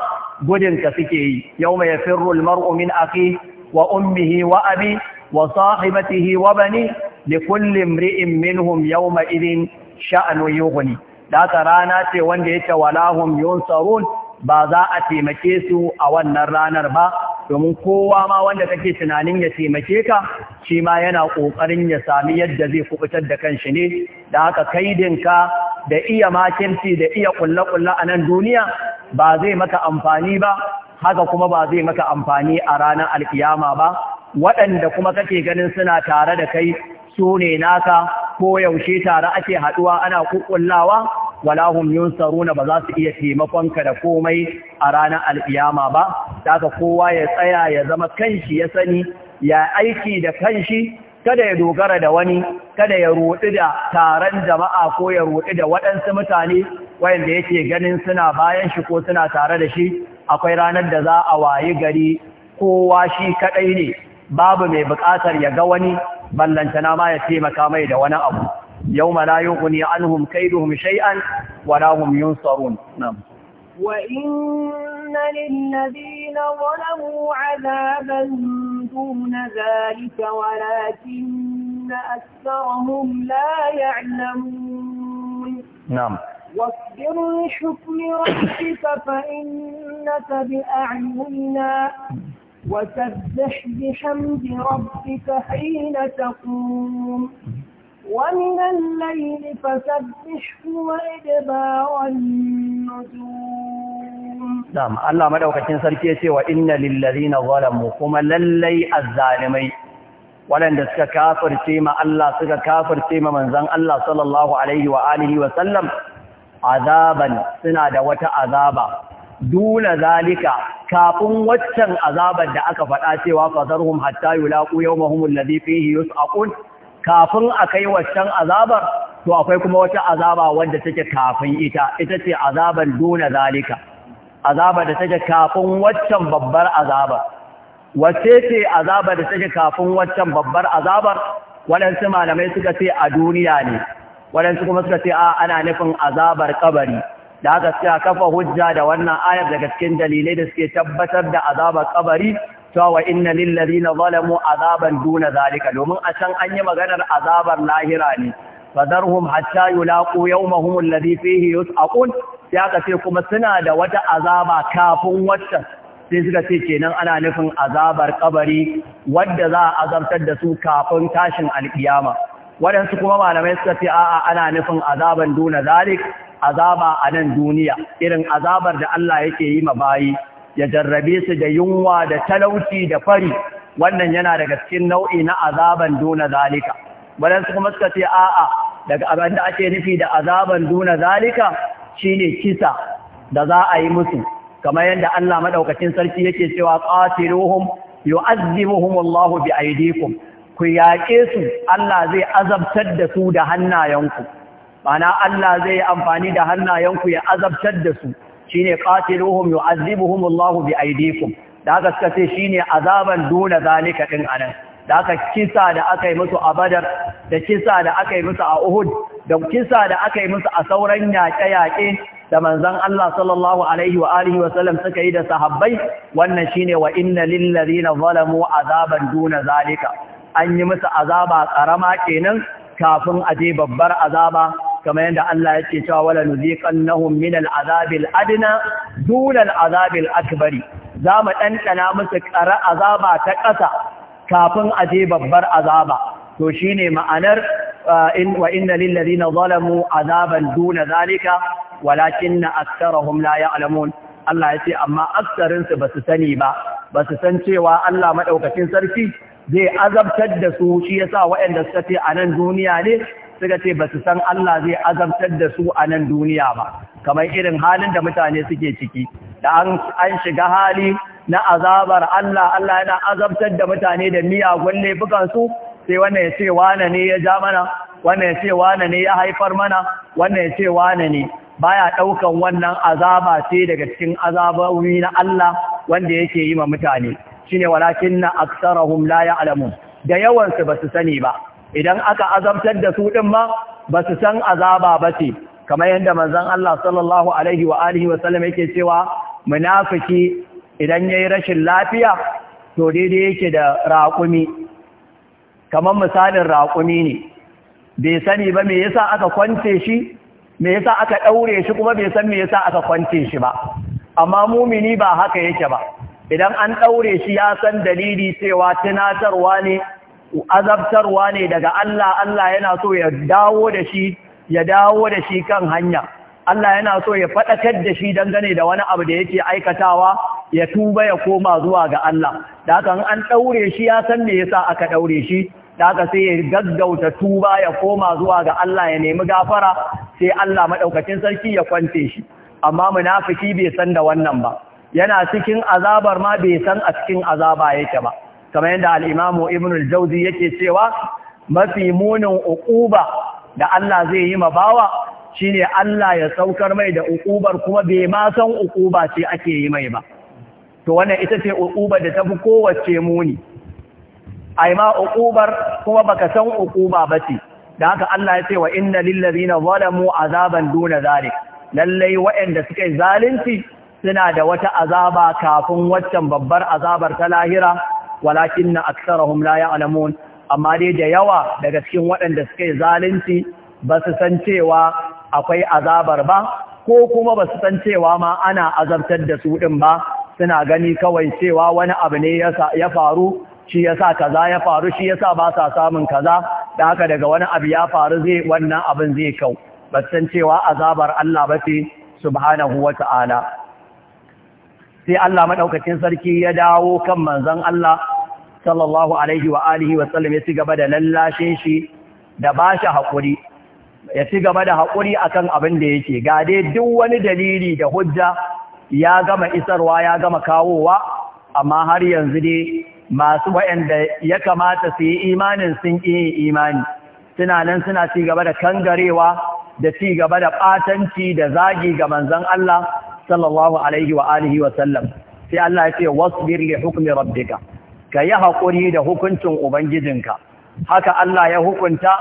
gudun ka suke yi yawma yafirru almar'u min akhi wa ummihi wa abi wa sahibatihi wa bani likulli imri'in minhum yawma idhin sha'nu yughni da haka rana ce wanda yake walahum yunsarun ba za a taimake su a wannan ranar ba domin kowa ma wanda kake tunanin ya taimake ka shi ma yana ƙoƙarin ya sami yadda zai kubutar da kanshi ne da haka kaidinka da iya makinci da iya ƙulla-ƙulla a nan duniya ba zai maka amfani ba haka kuma ba zai maka amfani a ranar alkiyama ba waɗanda kuma kake ganin suna tare da kai su ne naka ko yaushe tare ake haɗuwa ana kukullawa wala hum yunsaruna ba za su iya taimakon ka da komai a ranar alkiyama ba daga kowa ya tsaya ya zama kanshi ya sani ya aiki da kanshi kada ya dogara da wani kada ya roɗi da taron jama'a ko ya roɗi da waɗansu mutane wayanda yake ganin suna bayan shi ko suna tare da shi akwai ranar da za a wayi gari kowa shi kaɗai ne babu mai buƙatar ya ga wani ballantana ma ya taimaka mai da wani abu يوم لا يغني عنهم كيدهم شيئا ولا هم ينصرون نعم وإن للذين ظلموا عذابا دون ذلك ولكن أكثرهم لا يعلمون نعم واصبر لحكم ربك فإنك بأعيننا وسبح بحمد ربك حين تقوم ومن الليل فسبحه وإدبار النجوم نعم الله مدوكتين سركيتي وإن للذين ظلموا هم للي الظالمين waɗanda suka kafarce ma Allah suka kafirce ma manzon Allah sallallahu alaihi wa wa sallam azaban suna da wata azaba duna zalika kafin waccan azabar da aka faɗa cewa fadarhum hatta yulaqu yawmahum alladhi kafin a kai waccan azabar to akwai kuma wata azaba wanda take kafin ita ita ce azaban duna zalika azaba da take kafin waccan babbar azaba wacce ce azaba da take kafin waccan babbar azabar waɗansu malamai suka ce a duniya ne waɗansu kuma suka ce a ana nufin azabar kabari da haka suka kafa hujja da wannan ayar daga cikin dalilai da suke tabbatar da azabar kabari cewa wa inna lillazina zalamu azaban duna zalika domin a can an yi maganar azabar lahira ne fadarhum hatta yulaqu yawmahum alladhi fihi yus'aqun sai aka kuma suna da wata azaba kafin wata sai suka ce kenan ana nufin azabar kabari wadda za a azabtar da su kafin tashin alkiyama waɗansu kuma malamai suka ce a'a ana nufin azaban duna zalik azaba a nan duniya irin azabar da Allah yake yi ma bayi ya jarrabe su da yunwa da talauci da fari wannan yana daga cikin nau'i na azaban duna zalika waɗansu kuma suka ce a'a daga abin da ake nufi da azaban duna zalika shine kisa da za a yi musu kamar yadda Allah madaukakin sarki yake cewa qatiluhum yu'azzimuhum Allahu bi aydikum ku yaƙe su Allah zai azabtar da su da hannayenku ma'ana Allah zai amfani da hannayenku ya azabtar da su shine qatiluhum yu'azzibuhum Allah bi aydikum da haka suka ce shine azaban duna zalika din anan da haka kisa da aka yi musu a Badar da kisa da aka yi musu a Uhud da kisa da aka yi musu a sauran yaƙe-yaƙe da manzon Allah sallallahu alaihi wa alihi wa sallam suka yi da sahabbai wannan shine wa inna lil ladina zalamu azaban duna zalika an yi musu azaba karama kenan kafin a je babbar azaba kamar yadda Allah yake cewa wala nuziqannahum min al'azabil adina, duna al'azabil akbari za mu ɗanɗana musu ƙara azaba ta ƙasa kafin a je babbar azaba to shine ma'anar uh, in wa inna lil ladina zalamu azaban duna zalika walakinna aktharuhum la ya'lamun Allah ya ce amma aksarinsu ba su sani ba ba su san cewa Allah maɗaukacin sarki zai azabtar da su shi yasa waɗanda suka ce a nan duniya ne suka ce ba su san Allah zai azabtar da su a nan duniya ba kamar irin halin da mutane suke ciki da an shiga hali na azabar Allah Allah yana azabtar da mutane da miyagun laifukansu sai wannan ya ce wane ne ya ja mana wannan ya ce wane ne ya haifar mana wannan ya ce wane ne baya ɗaukan wannan azaba sai daga cikin azabawi na Allah wanda yake yi ma mutane Shi ne shine walakinna aktsarahum la alamu. da yawansu ba su sani ba idan aka azabtar da su ɗin ma ba su san azaba ba ce kamar yadda manzon Allah sallallahu alaihi wa alihi wa sallam yake cewa munafiki idan yayi rashin lafiya to daidai yake da raƙumi kamar misalin raƙumi ne bai sani ba me yasa aka kwance shi me yasa aka daure shi kuma bai san me yasa aka kwance shi ba amma mumini ba haka yake ba idan an ɗaure shi ya san dalili cewa tunatarwa ne azabtarwa ne daga Allah Allah yana so ya dawo da shi ya dawo da shi kan hanya Allah yana so ya faɗakar da shi dangane da wani abu da yake aikatawa ya tuba ya koma zuwa ga Allah da haka an ɗaure shi ya san me yasa aka ɗaure shi da haka sai ya gaggauta tuba ya koma zuwa ga Allah ya nemi gafara sai Allah maɗaukacin sarki ya kwance shi amma munafiki bai san da wannan ba yana cikin azabar ma bai san a cikin azaba yake ba kamar yadda al'imamu ibn al-jauzi yake cewa mafi munin uquba da Allah zai yi mabawa shine Allah ya saukar mai da uqubar kuma bai ma san uquba ce ake yi mai ba to wannan ita ce uquba da tafi kowace muni ai ma uqubar kuma baka san uquba ba ce da haka Allah ya ce wa inna lil zalamu azaban duna zalik lallai waɗanda suka yi zalunci suna da wata azaba kafin waccan babbar azabar ta lahira na aktsarahum la ya'lamun amma dai da yawa daga cikin waɗanda suka yi zalunci ba su san cewa akwai azabar ba ko kuma ba su san cewa ma ana azabtar da su ɗin ba suna gani kawai cewa wani abu ne ya faru shi yasa kaza ya faru shi yasa ba sa samun kaza da haka daga wani abu ya faru zai wannan abin zai kau ba san cewa azabar Allah ba ce subhanahu wata'ala sai Allah maɗaukacin sarki ya dawo kan manzon Allah sallallahu alaihi wa alihi wa sallam ya ci gaba da lallashe shi da ba shi haƙuri ya ci gaba da haƙuri akan abin da yake ga dai duk wani dalili da hujja ya gama isarwa ya gama kawowa amma har yanzu dai masu waɗanda ya kamata su yi imanin sun yi imani suna nan suna ci gaba da kangarewa da ci gaba da ɓatanci da zagi ga manzon Allah sallallahu alaihi wa alihi wa sallam sai Allah ya ce wasbir li hukmi rabbika kayi hakuri da hukuncin ubangijinka haka Allah ya hukunta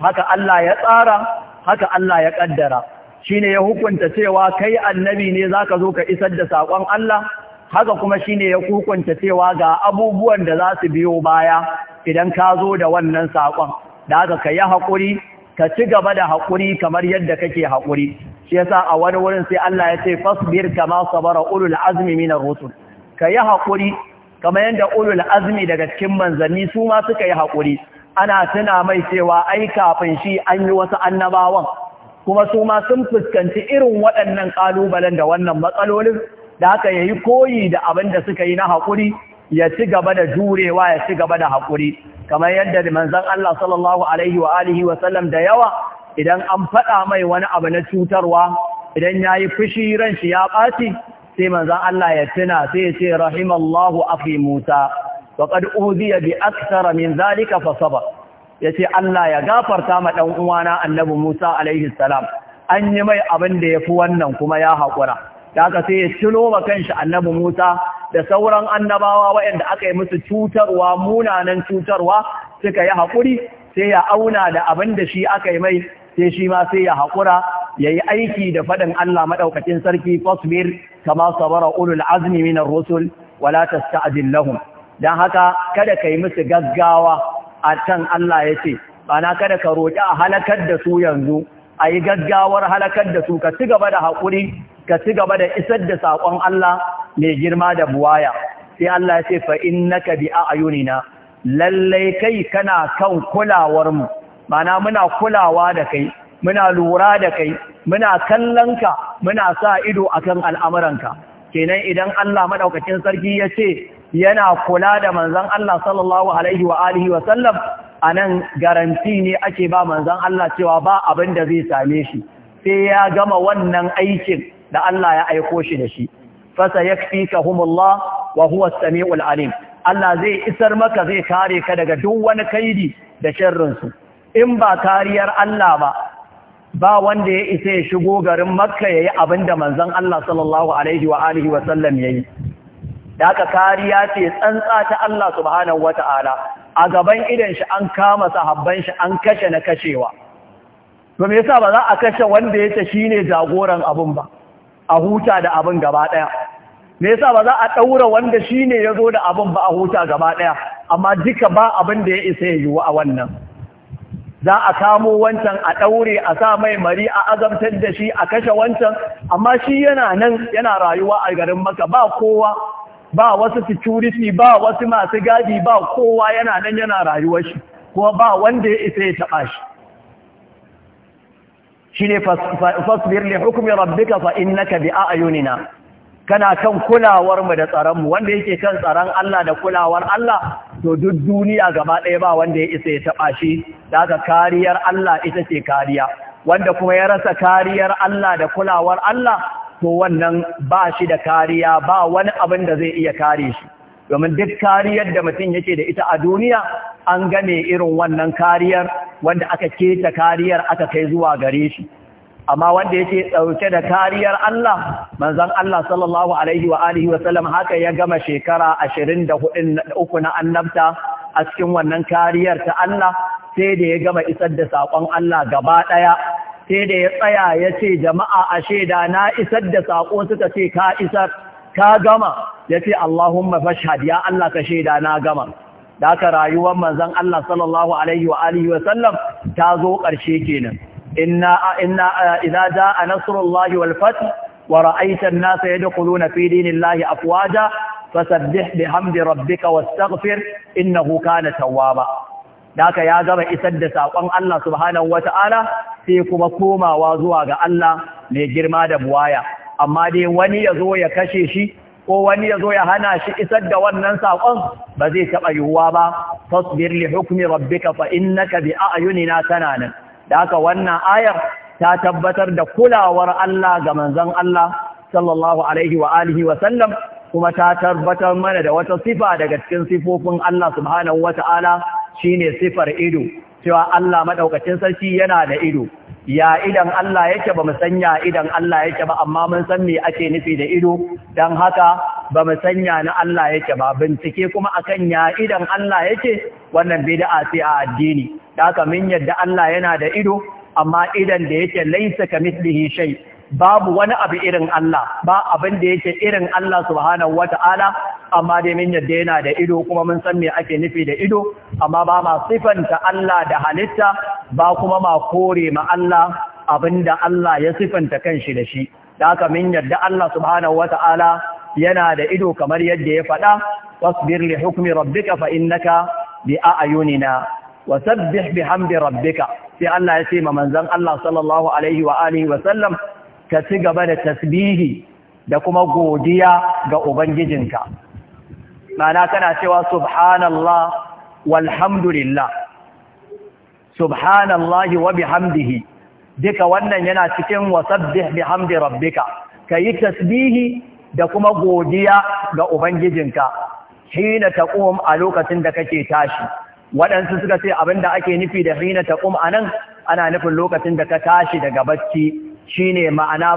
haka Allah ya tsara haka Allah ya kaddara shine ya hukunta cewa kai annabi ne zaka zo ka isar da sakon Allah haka kuma shine ya hukunta cewa ga abubuwan da za su biyo baya idan ka zo da wannan sakon da haka kayi hakuri ka ci gaba da hakuri kamar yadda kake hakuri shi yasa a wani wurin sai Allah ya ce fasbir kama sabara ulul azmi minar rusul kayi hakuri kamar yadda ulul azmi daga cikin manzanni su ma suka yi hakuri ana tuna mai cewa ai kafin shi an yi wasu annabawan kuma su ma sun fuskanci irin waɗannan kalubalen da wannan matsalolin da haka ya yi koyi da abin da suka yi na hakuri ya ci gaba da jurewa ya ci gaba da hakuri. kamar yadda manzan Allah sallallahu alaihi wa alihi wa sallam da yawa idan an faɗa mai wani abu na cutarwa idan ya yi fushi shi ya ɓaci sai manzan Allah ya tuna sai ya ce rahimallahu afi Musa wa qad uziya bi akthara min zalika fa Ya yace Allah ya gafarta ma dan uwana Annabi Musa alaihi salam an yi mai abin da yafi wannan kuma ya hakura da ka sai ya cilo ma kanshi Annabi Musa da sauran annabawa waɗanda aka yi musu cutarwa munanan cutarwa suka yi hakuri sai ya auna da abin da shi aka yi mai sai shi ma sai ya haƙura ya yi aiki da faɗin Allah maɗaukacin sarki fasbir kama sabara ulul azmi minar rusul wala tasta'jil lahum dan haka kada kai musu gaggawa a kan Allah yace bana kada ka roƙi a halakar da su yanzu a yi gaggawar halakar da su ka ci gaba da haƙuri ka ci gaba da isar da saƙon Allah mai girma da buwaya sai Allah ya ce fa innaka bi a'yunina lallai kai kana kan kulawar mu mana muna kulawa da kai muna lura da kai muna kallonka muna sa ido akan al'amuranka kenan idan Allah madaukakin sarki ya ce yana kula da manzon Allah sallallahu alaihi wa alihi wa sallam anan garanti ne ake ba manzon Allah cewa ba abin da zai same shi sai ya gama wannan aikin da Allah ya aiko shi da shi fasa yakfikahumullah wa huwa as-sami'ul alim Allah zai isar maka zai kare ka daga duk wani kaidi da sharrinsu in ba kariyar Allah ba ba wanda ya isa ya shigo garin makka ya yi abin da manzan Allah sallallahu Alaihi wa wasallam ya yi da aka kariya ce tsantsa ta Allah subhanahu wa ta'ala a gaban idan shi an kama sahabban shi an kashe na kashewa to me yasa ba za a kashe wanda ya ce shine jagoran abin ba a huta da abin gaba daya me yasa ba za a daura wanda shine zo da abin ba a huta gaba daya amma duka ba abin ya isa ya yiwu a wannan za a kamo wancan a ɗaure a sa mai mari a azabtar da shi a kashe wancan amma shi yana nan yana rayuwa a garin maka ba kowa ba wasu security ba wasu masu gadi ba kowa yana nan yana rayuwar shi kuma ba wanda ya isa ya taɓa shi Shi shine fasbir li hukmi rabbika fa innaka bi a'yunina kana kan kulawar mu da tsaron mu wanda yake kan tsaron Allah da kulawar Allah to duk duniya gaba ɗaya ba wanda ya isa ya taba shi daga kariyar Allah ita ce kariya wanda kuma ya rasa kariyar Allah da kulawar Allah to wannan ba shi da kariya ba wani abin da zai iya kare shi domin duk kariyar da mutum yake da ita a duniya an gane irin wannan kariyar wanda aka keta kariyar aka kai zuwa gare shi amma wanda yake dauke da kariyar Allah manzon Allah sallallahu alaihi wa alihi wa sallam haka ya gama shekara 23 na annabta a cikin wannan kariyar ta Allah sai da ya gama isar da sakon Allah gaba daya sai da ya tsaya ya ce jama'a a shaida na isar da sako suka ce ka isar ka gama ya yace Allahumma fashhad ya Allah ka shaida na gama da haka rayuwar manzon Allah sallallahu alaihi wa alihi wa sallam ta zo ƙarshe kenan إن إن إذا جاء نصر الله والفتح ورأيت الناس يدخلون في دين الله أفواجا فسبح بحمد ربك واستغفر إنه كان توابا ذاك يا جماعة إسد ساقن الله سبحانه وتعالى في كمكوما كوما وزوا الله لجرما دبوايا أما دي وني يزو يكشيشي ko wani ya zo إسد hana shi بزيت أيوابا تصبر لحكم ربك فإنك بأعيننا yiwuwa da aka wannan ayar ta tabbatar da kulawar Allah ga manzon Allah sallallahu alaihi wa alihi wa sallam kuma ta tabbatar mana da wata sifa daga cikin sifofin Allah subhanahu wata'ala shine sifar ido cewa Allah madaukakin sarki yana da ido ya idan Allah yake ba mu sanya idan Allah yake ba amma mun san me ake nufi da ido dan haka ba mu sanya na Allah yake ba bincike kuma akan ya idan Allah yake wannan bid'a sai a addini da aka min yadda Allah yana da ido amma idan da yake laisa ka mislihi shay babu wani abu irin Allah ba abin da yake irin Allah subhanahu wata'ala amma dai min yadda yana da ido kuma mun san me ake nufi da ido amma ba ma sifanta Allah da halitta ba kuma ma kore ma Allah abinda Allah ya sifanta kanshi da shi da aka min yadda Allah subhanahu wata'ala yana da ido kamar yadda ya faɗa wasbir li hukmi rabbika fa innaka bi a'yunina wa sabbih bihamdi rabbika sai Allah ya ce ma manzon Allah sallallahu alaihi wa alihi wa sallam ka ci gaba da tasbihi da kuma godiya ga ubangijinka mana kana cewa subhanallah walhamdulillah subhanallahi wa bihamdihi duka wannan yana cikin wasabbih bihamdi rabbika kayi tasbihi da kuma godiya ga ubangijinka hina taqum a lokacin da kake tashi waɗansu suka ce abin da ake nufi da hina ta ƙum a nan, ana nufin lokacin da ka tashi daga bacci shine ma'ana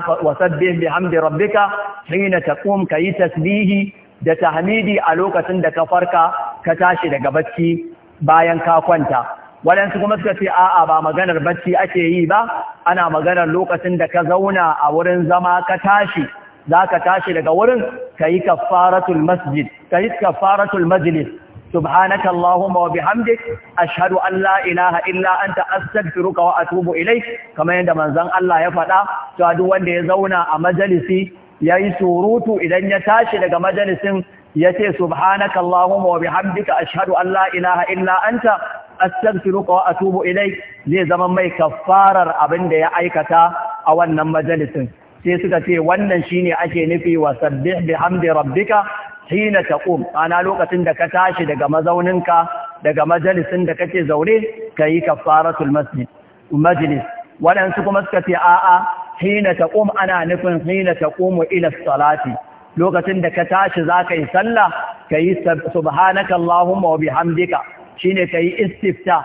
bi hamdi rabbika hina ta ƙum ka yi tasbihi da tahmidi a lokacin da ka farka ka tashi daga bacci bayan ka kwanta waɗansu kuma suka ce a'a ba maganar bacci ake yi ba ana maganar lokacin da ka zauna a wurin zama ka tashi za ka tashi daga wurin ka yi kafaratul masjid ka yi kafaratul majlis subhanaka allahumma wa bihamdik ashhadu an la ilaha illa anta astaghfiruka wa yadda manzon Allah ya faɗa cewa duk wanda ya zauna a majalisi yayi surutu idan ya tashi daga majalisin ya ce allahumma wa bihamdika ashhadu an la ilaha illa anta astaghfiruka zai zama mai kaffarar abin ya aikata a wannan majalisin sai suka ce wannan shine ake nufi wa sabbih bihamdi rabbika hina taqum ana lokacin da ka tashi daga mazauninka daga majalisin da kake zaure kai kafaratul masjid majlis wadansu kuma suka ce a'a hina taqum ana nufin hina taqumu ila salati lokacin da ka tashi zaka yi sallah kai subhanaka allahumma wa bihamdika shine kai istifta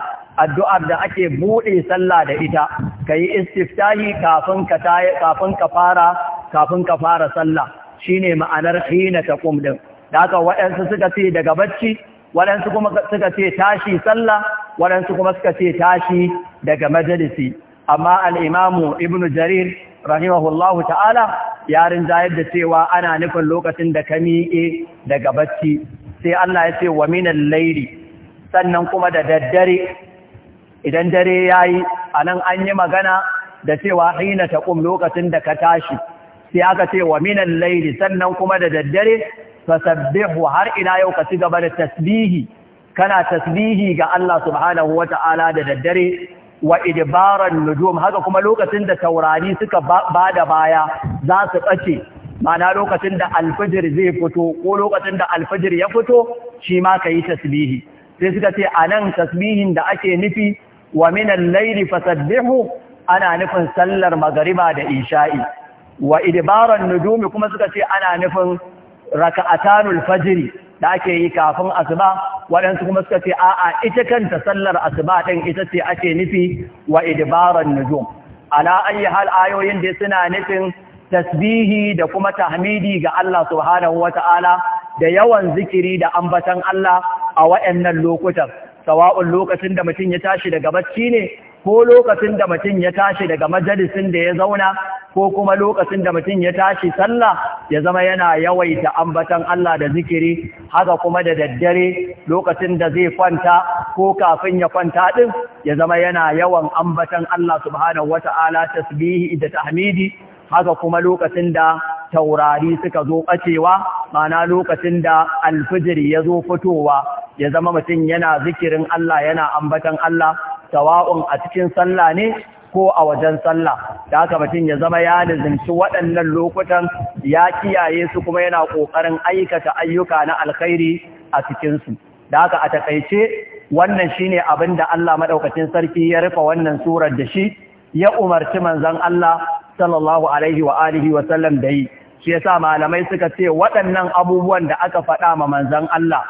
addu'ar da ake bude sallah da ita kai istiftahi kafin ka kafin ka fara kafin ka fara sallah shine ma'anar hina taqum din da haka waɗansu suka ce daga bacci waɗansu kuma suka ce tashi sallah waɗansu kuma suka ce tashi daga majalisi amma al'imamu ibn jarir rahimahullahu ta'ala yarin rinjayar da cewa ana nufin lokacin da ka miƙe daga bacci sai Allah ya ce wa minan lairi sannan kuma da daddare idan dare ya yi a nan an yi magana da cewa hina ta lokacin da ka tashi sai aka ce wa minan lairi, sannan kuma da daddare fasabbihu har ina yau ka ci gaba da tasbihi kana tasbihi ga Allah subhanahu wata'ala da daddare wa idbaran nujum haka kuma lokacin da taurari suka bada baya za su bace mana lokacin da alfajir zai fito ko lokacin da alfajir ya fito shi ma kayi tasbihi sai suka ce anan tasbihin da ake nufi wa min al-layli fasabbihu ana nufin sallar magariba da isha'i wa idbaran nujum kuma suka ce ana nufin raka'atanul fajiri da ake yi kafin asuba waɗansu kuma suka ce a'a ita kanta sallar asuba ɗin ita ce ake nufi wa idbaran nujum ala ayi hal ayoyin da suna nufin tasbihi da kuma tahmidi ga Allah subhanahu wata'ala da yawan zikiri da ambatan Allah a waɗannan lokutan sawa'un lokacin da mutum ya tashi daga bacci ne ko lokacin da mutum ya tashi daga majalisin da ya zauna ko kuma lokacin da mutum ya tashi sallah ya zama yana yawaita ambatan Allah da zikiri haka kuma da daddare lokacin da zai kwanta ko kafin ya kwanta din ya zama yana yawan ambatan Allah subhanahu wata'ala tasbihi da tahmidi haka kuma lokacin da taurari suka zo bacewa mana lokacin da alfijir ya zo fitowa ya zama mutum yana zikirin Allah yana ambatan Allah sawa'un a cikin sallah ne ko a wajen sallah da haka mutum ya zama ya lizinci waɗannan lokutan ya kiyaye su kuma yana ƙoƙarin aikata ayyuka na alkhairi a cikinsu da haka a takaice wannan shine abin da Allah maɗaukacin sarki ya rufe wannan surar da shi ya umarci manzon Allah sallallahu alaihi wa alihi wa sallam da yi shi yasa malamai suka ce waɗannan abubuwan da aka faɗa ma manzon Allah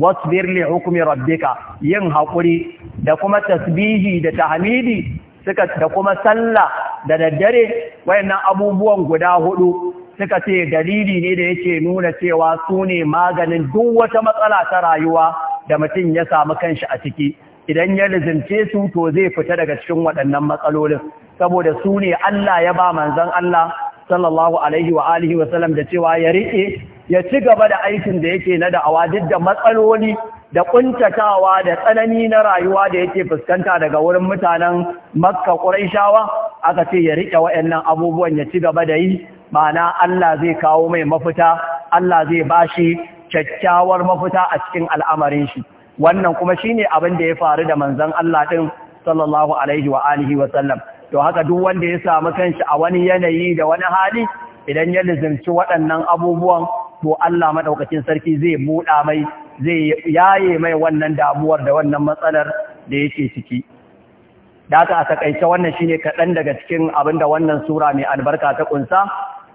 wasbir li hukmi rabbika yin hakuri da kuma tasbihi da tahmidi suka da kuma sallah da daddare wayannan abubuwan guda hudu suka ce dalili ne da yake nuna cewa su ne maganin duk wata matsala ta rayuwa da mutum ya samu kanshi a ciki idan ya lizince su to zai fita daga cikin waɗannan matsalolin saboda su ne Allah ya ba manzon Allah sallallahu alaihi wa alihi wa sallam da cewa ya rike ya ci gaba da aikin da yake na da'awa duk da matsaloli da kuntatawa da tsanani na rayuwa da yake fuskanta daga wurin mutanen makka ƙuraishawa aka ce ya riƙe waɗannan abubuwan ya ci gaba da yi ma'ana Allah zai kawo mai mafita Allah zai ba shi kyakkyawar mafita a cikin al'amarin shi wannan kuma shine abin da ya faru da manzon Allah din sallallahu alaihi wa alihi wa sallam to haka duk wanda ya samu kanshi a wani yanayi da wani hali idan ya lizinci waɗannan abubuwan to Allah maɗaukacin sarki zai buɗa mai zai yaye mai wannan damuwar da wannan matsalar da yake ciki da aka takaice wannan shine kaɗan daga cikin abin da wannan sura mai albarka ta ƙunsa?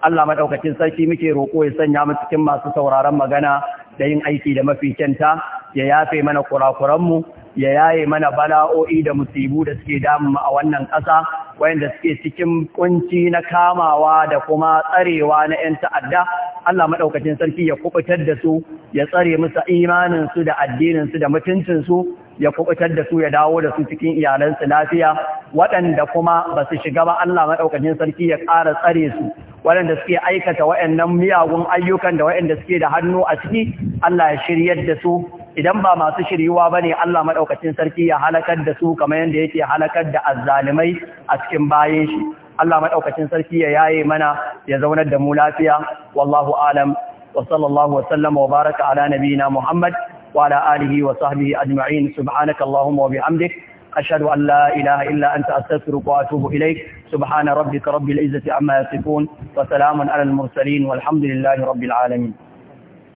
Allah maɗaukacin sarki muke roƙo ya sanya mu cikin masu sauraron magana da yin aiki da mafi kyanta ya yafe mana kurakuranmu ya yaye mana bala'o'i da musibu da suke damu a wannan ƙasa wayanda suke cikin kunci na kamawa da kuma tsarewa na 'yan ta'adda Allah maɗaukacin sarki ya kubutar da su ya tsare musu imaninsu da addininsu da mutuncinsu ya kubutar da su ya dawo da su cikin iyalansu lafiya waɗanda kuma ba su shiga ba Allah maɗaukacin sarki ya ƙara tsare su waɗanda suke aikata waɗannan miyagun ayyukan da waɗanda suke da hannu a ciki Allah ya shiryar da su idan ba masu shiryuwa ba ne Allah maɗaukacin sarki ya halakar da su kamar yadda yake halakar da azzalimai a cikin bayan shi Allah maɗaukacin sarki ya yaye mana ya zaunar da mu lafiya wallahu alam wa sallallahu wa sallama wa baraka ala nabiyina Muhammad wa ala alihi wa sahbihi ajma'in subhanaka allahumma wa bihamdik ashhadu an la ilaha illa anta astaghfiruka wa atubu ilaik subhana rabbika rabbil izzati amma yasifun wa salamun ala al mursalin walhamdulillahi rabbil alamin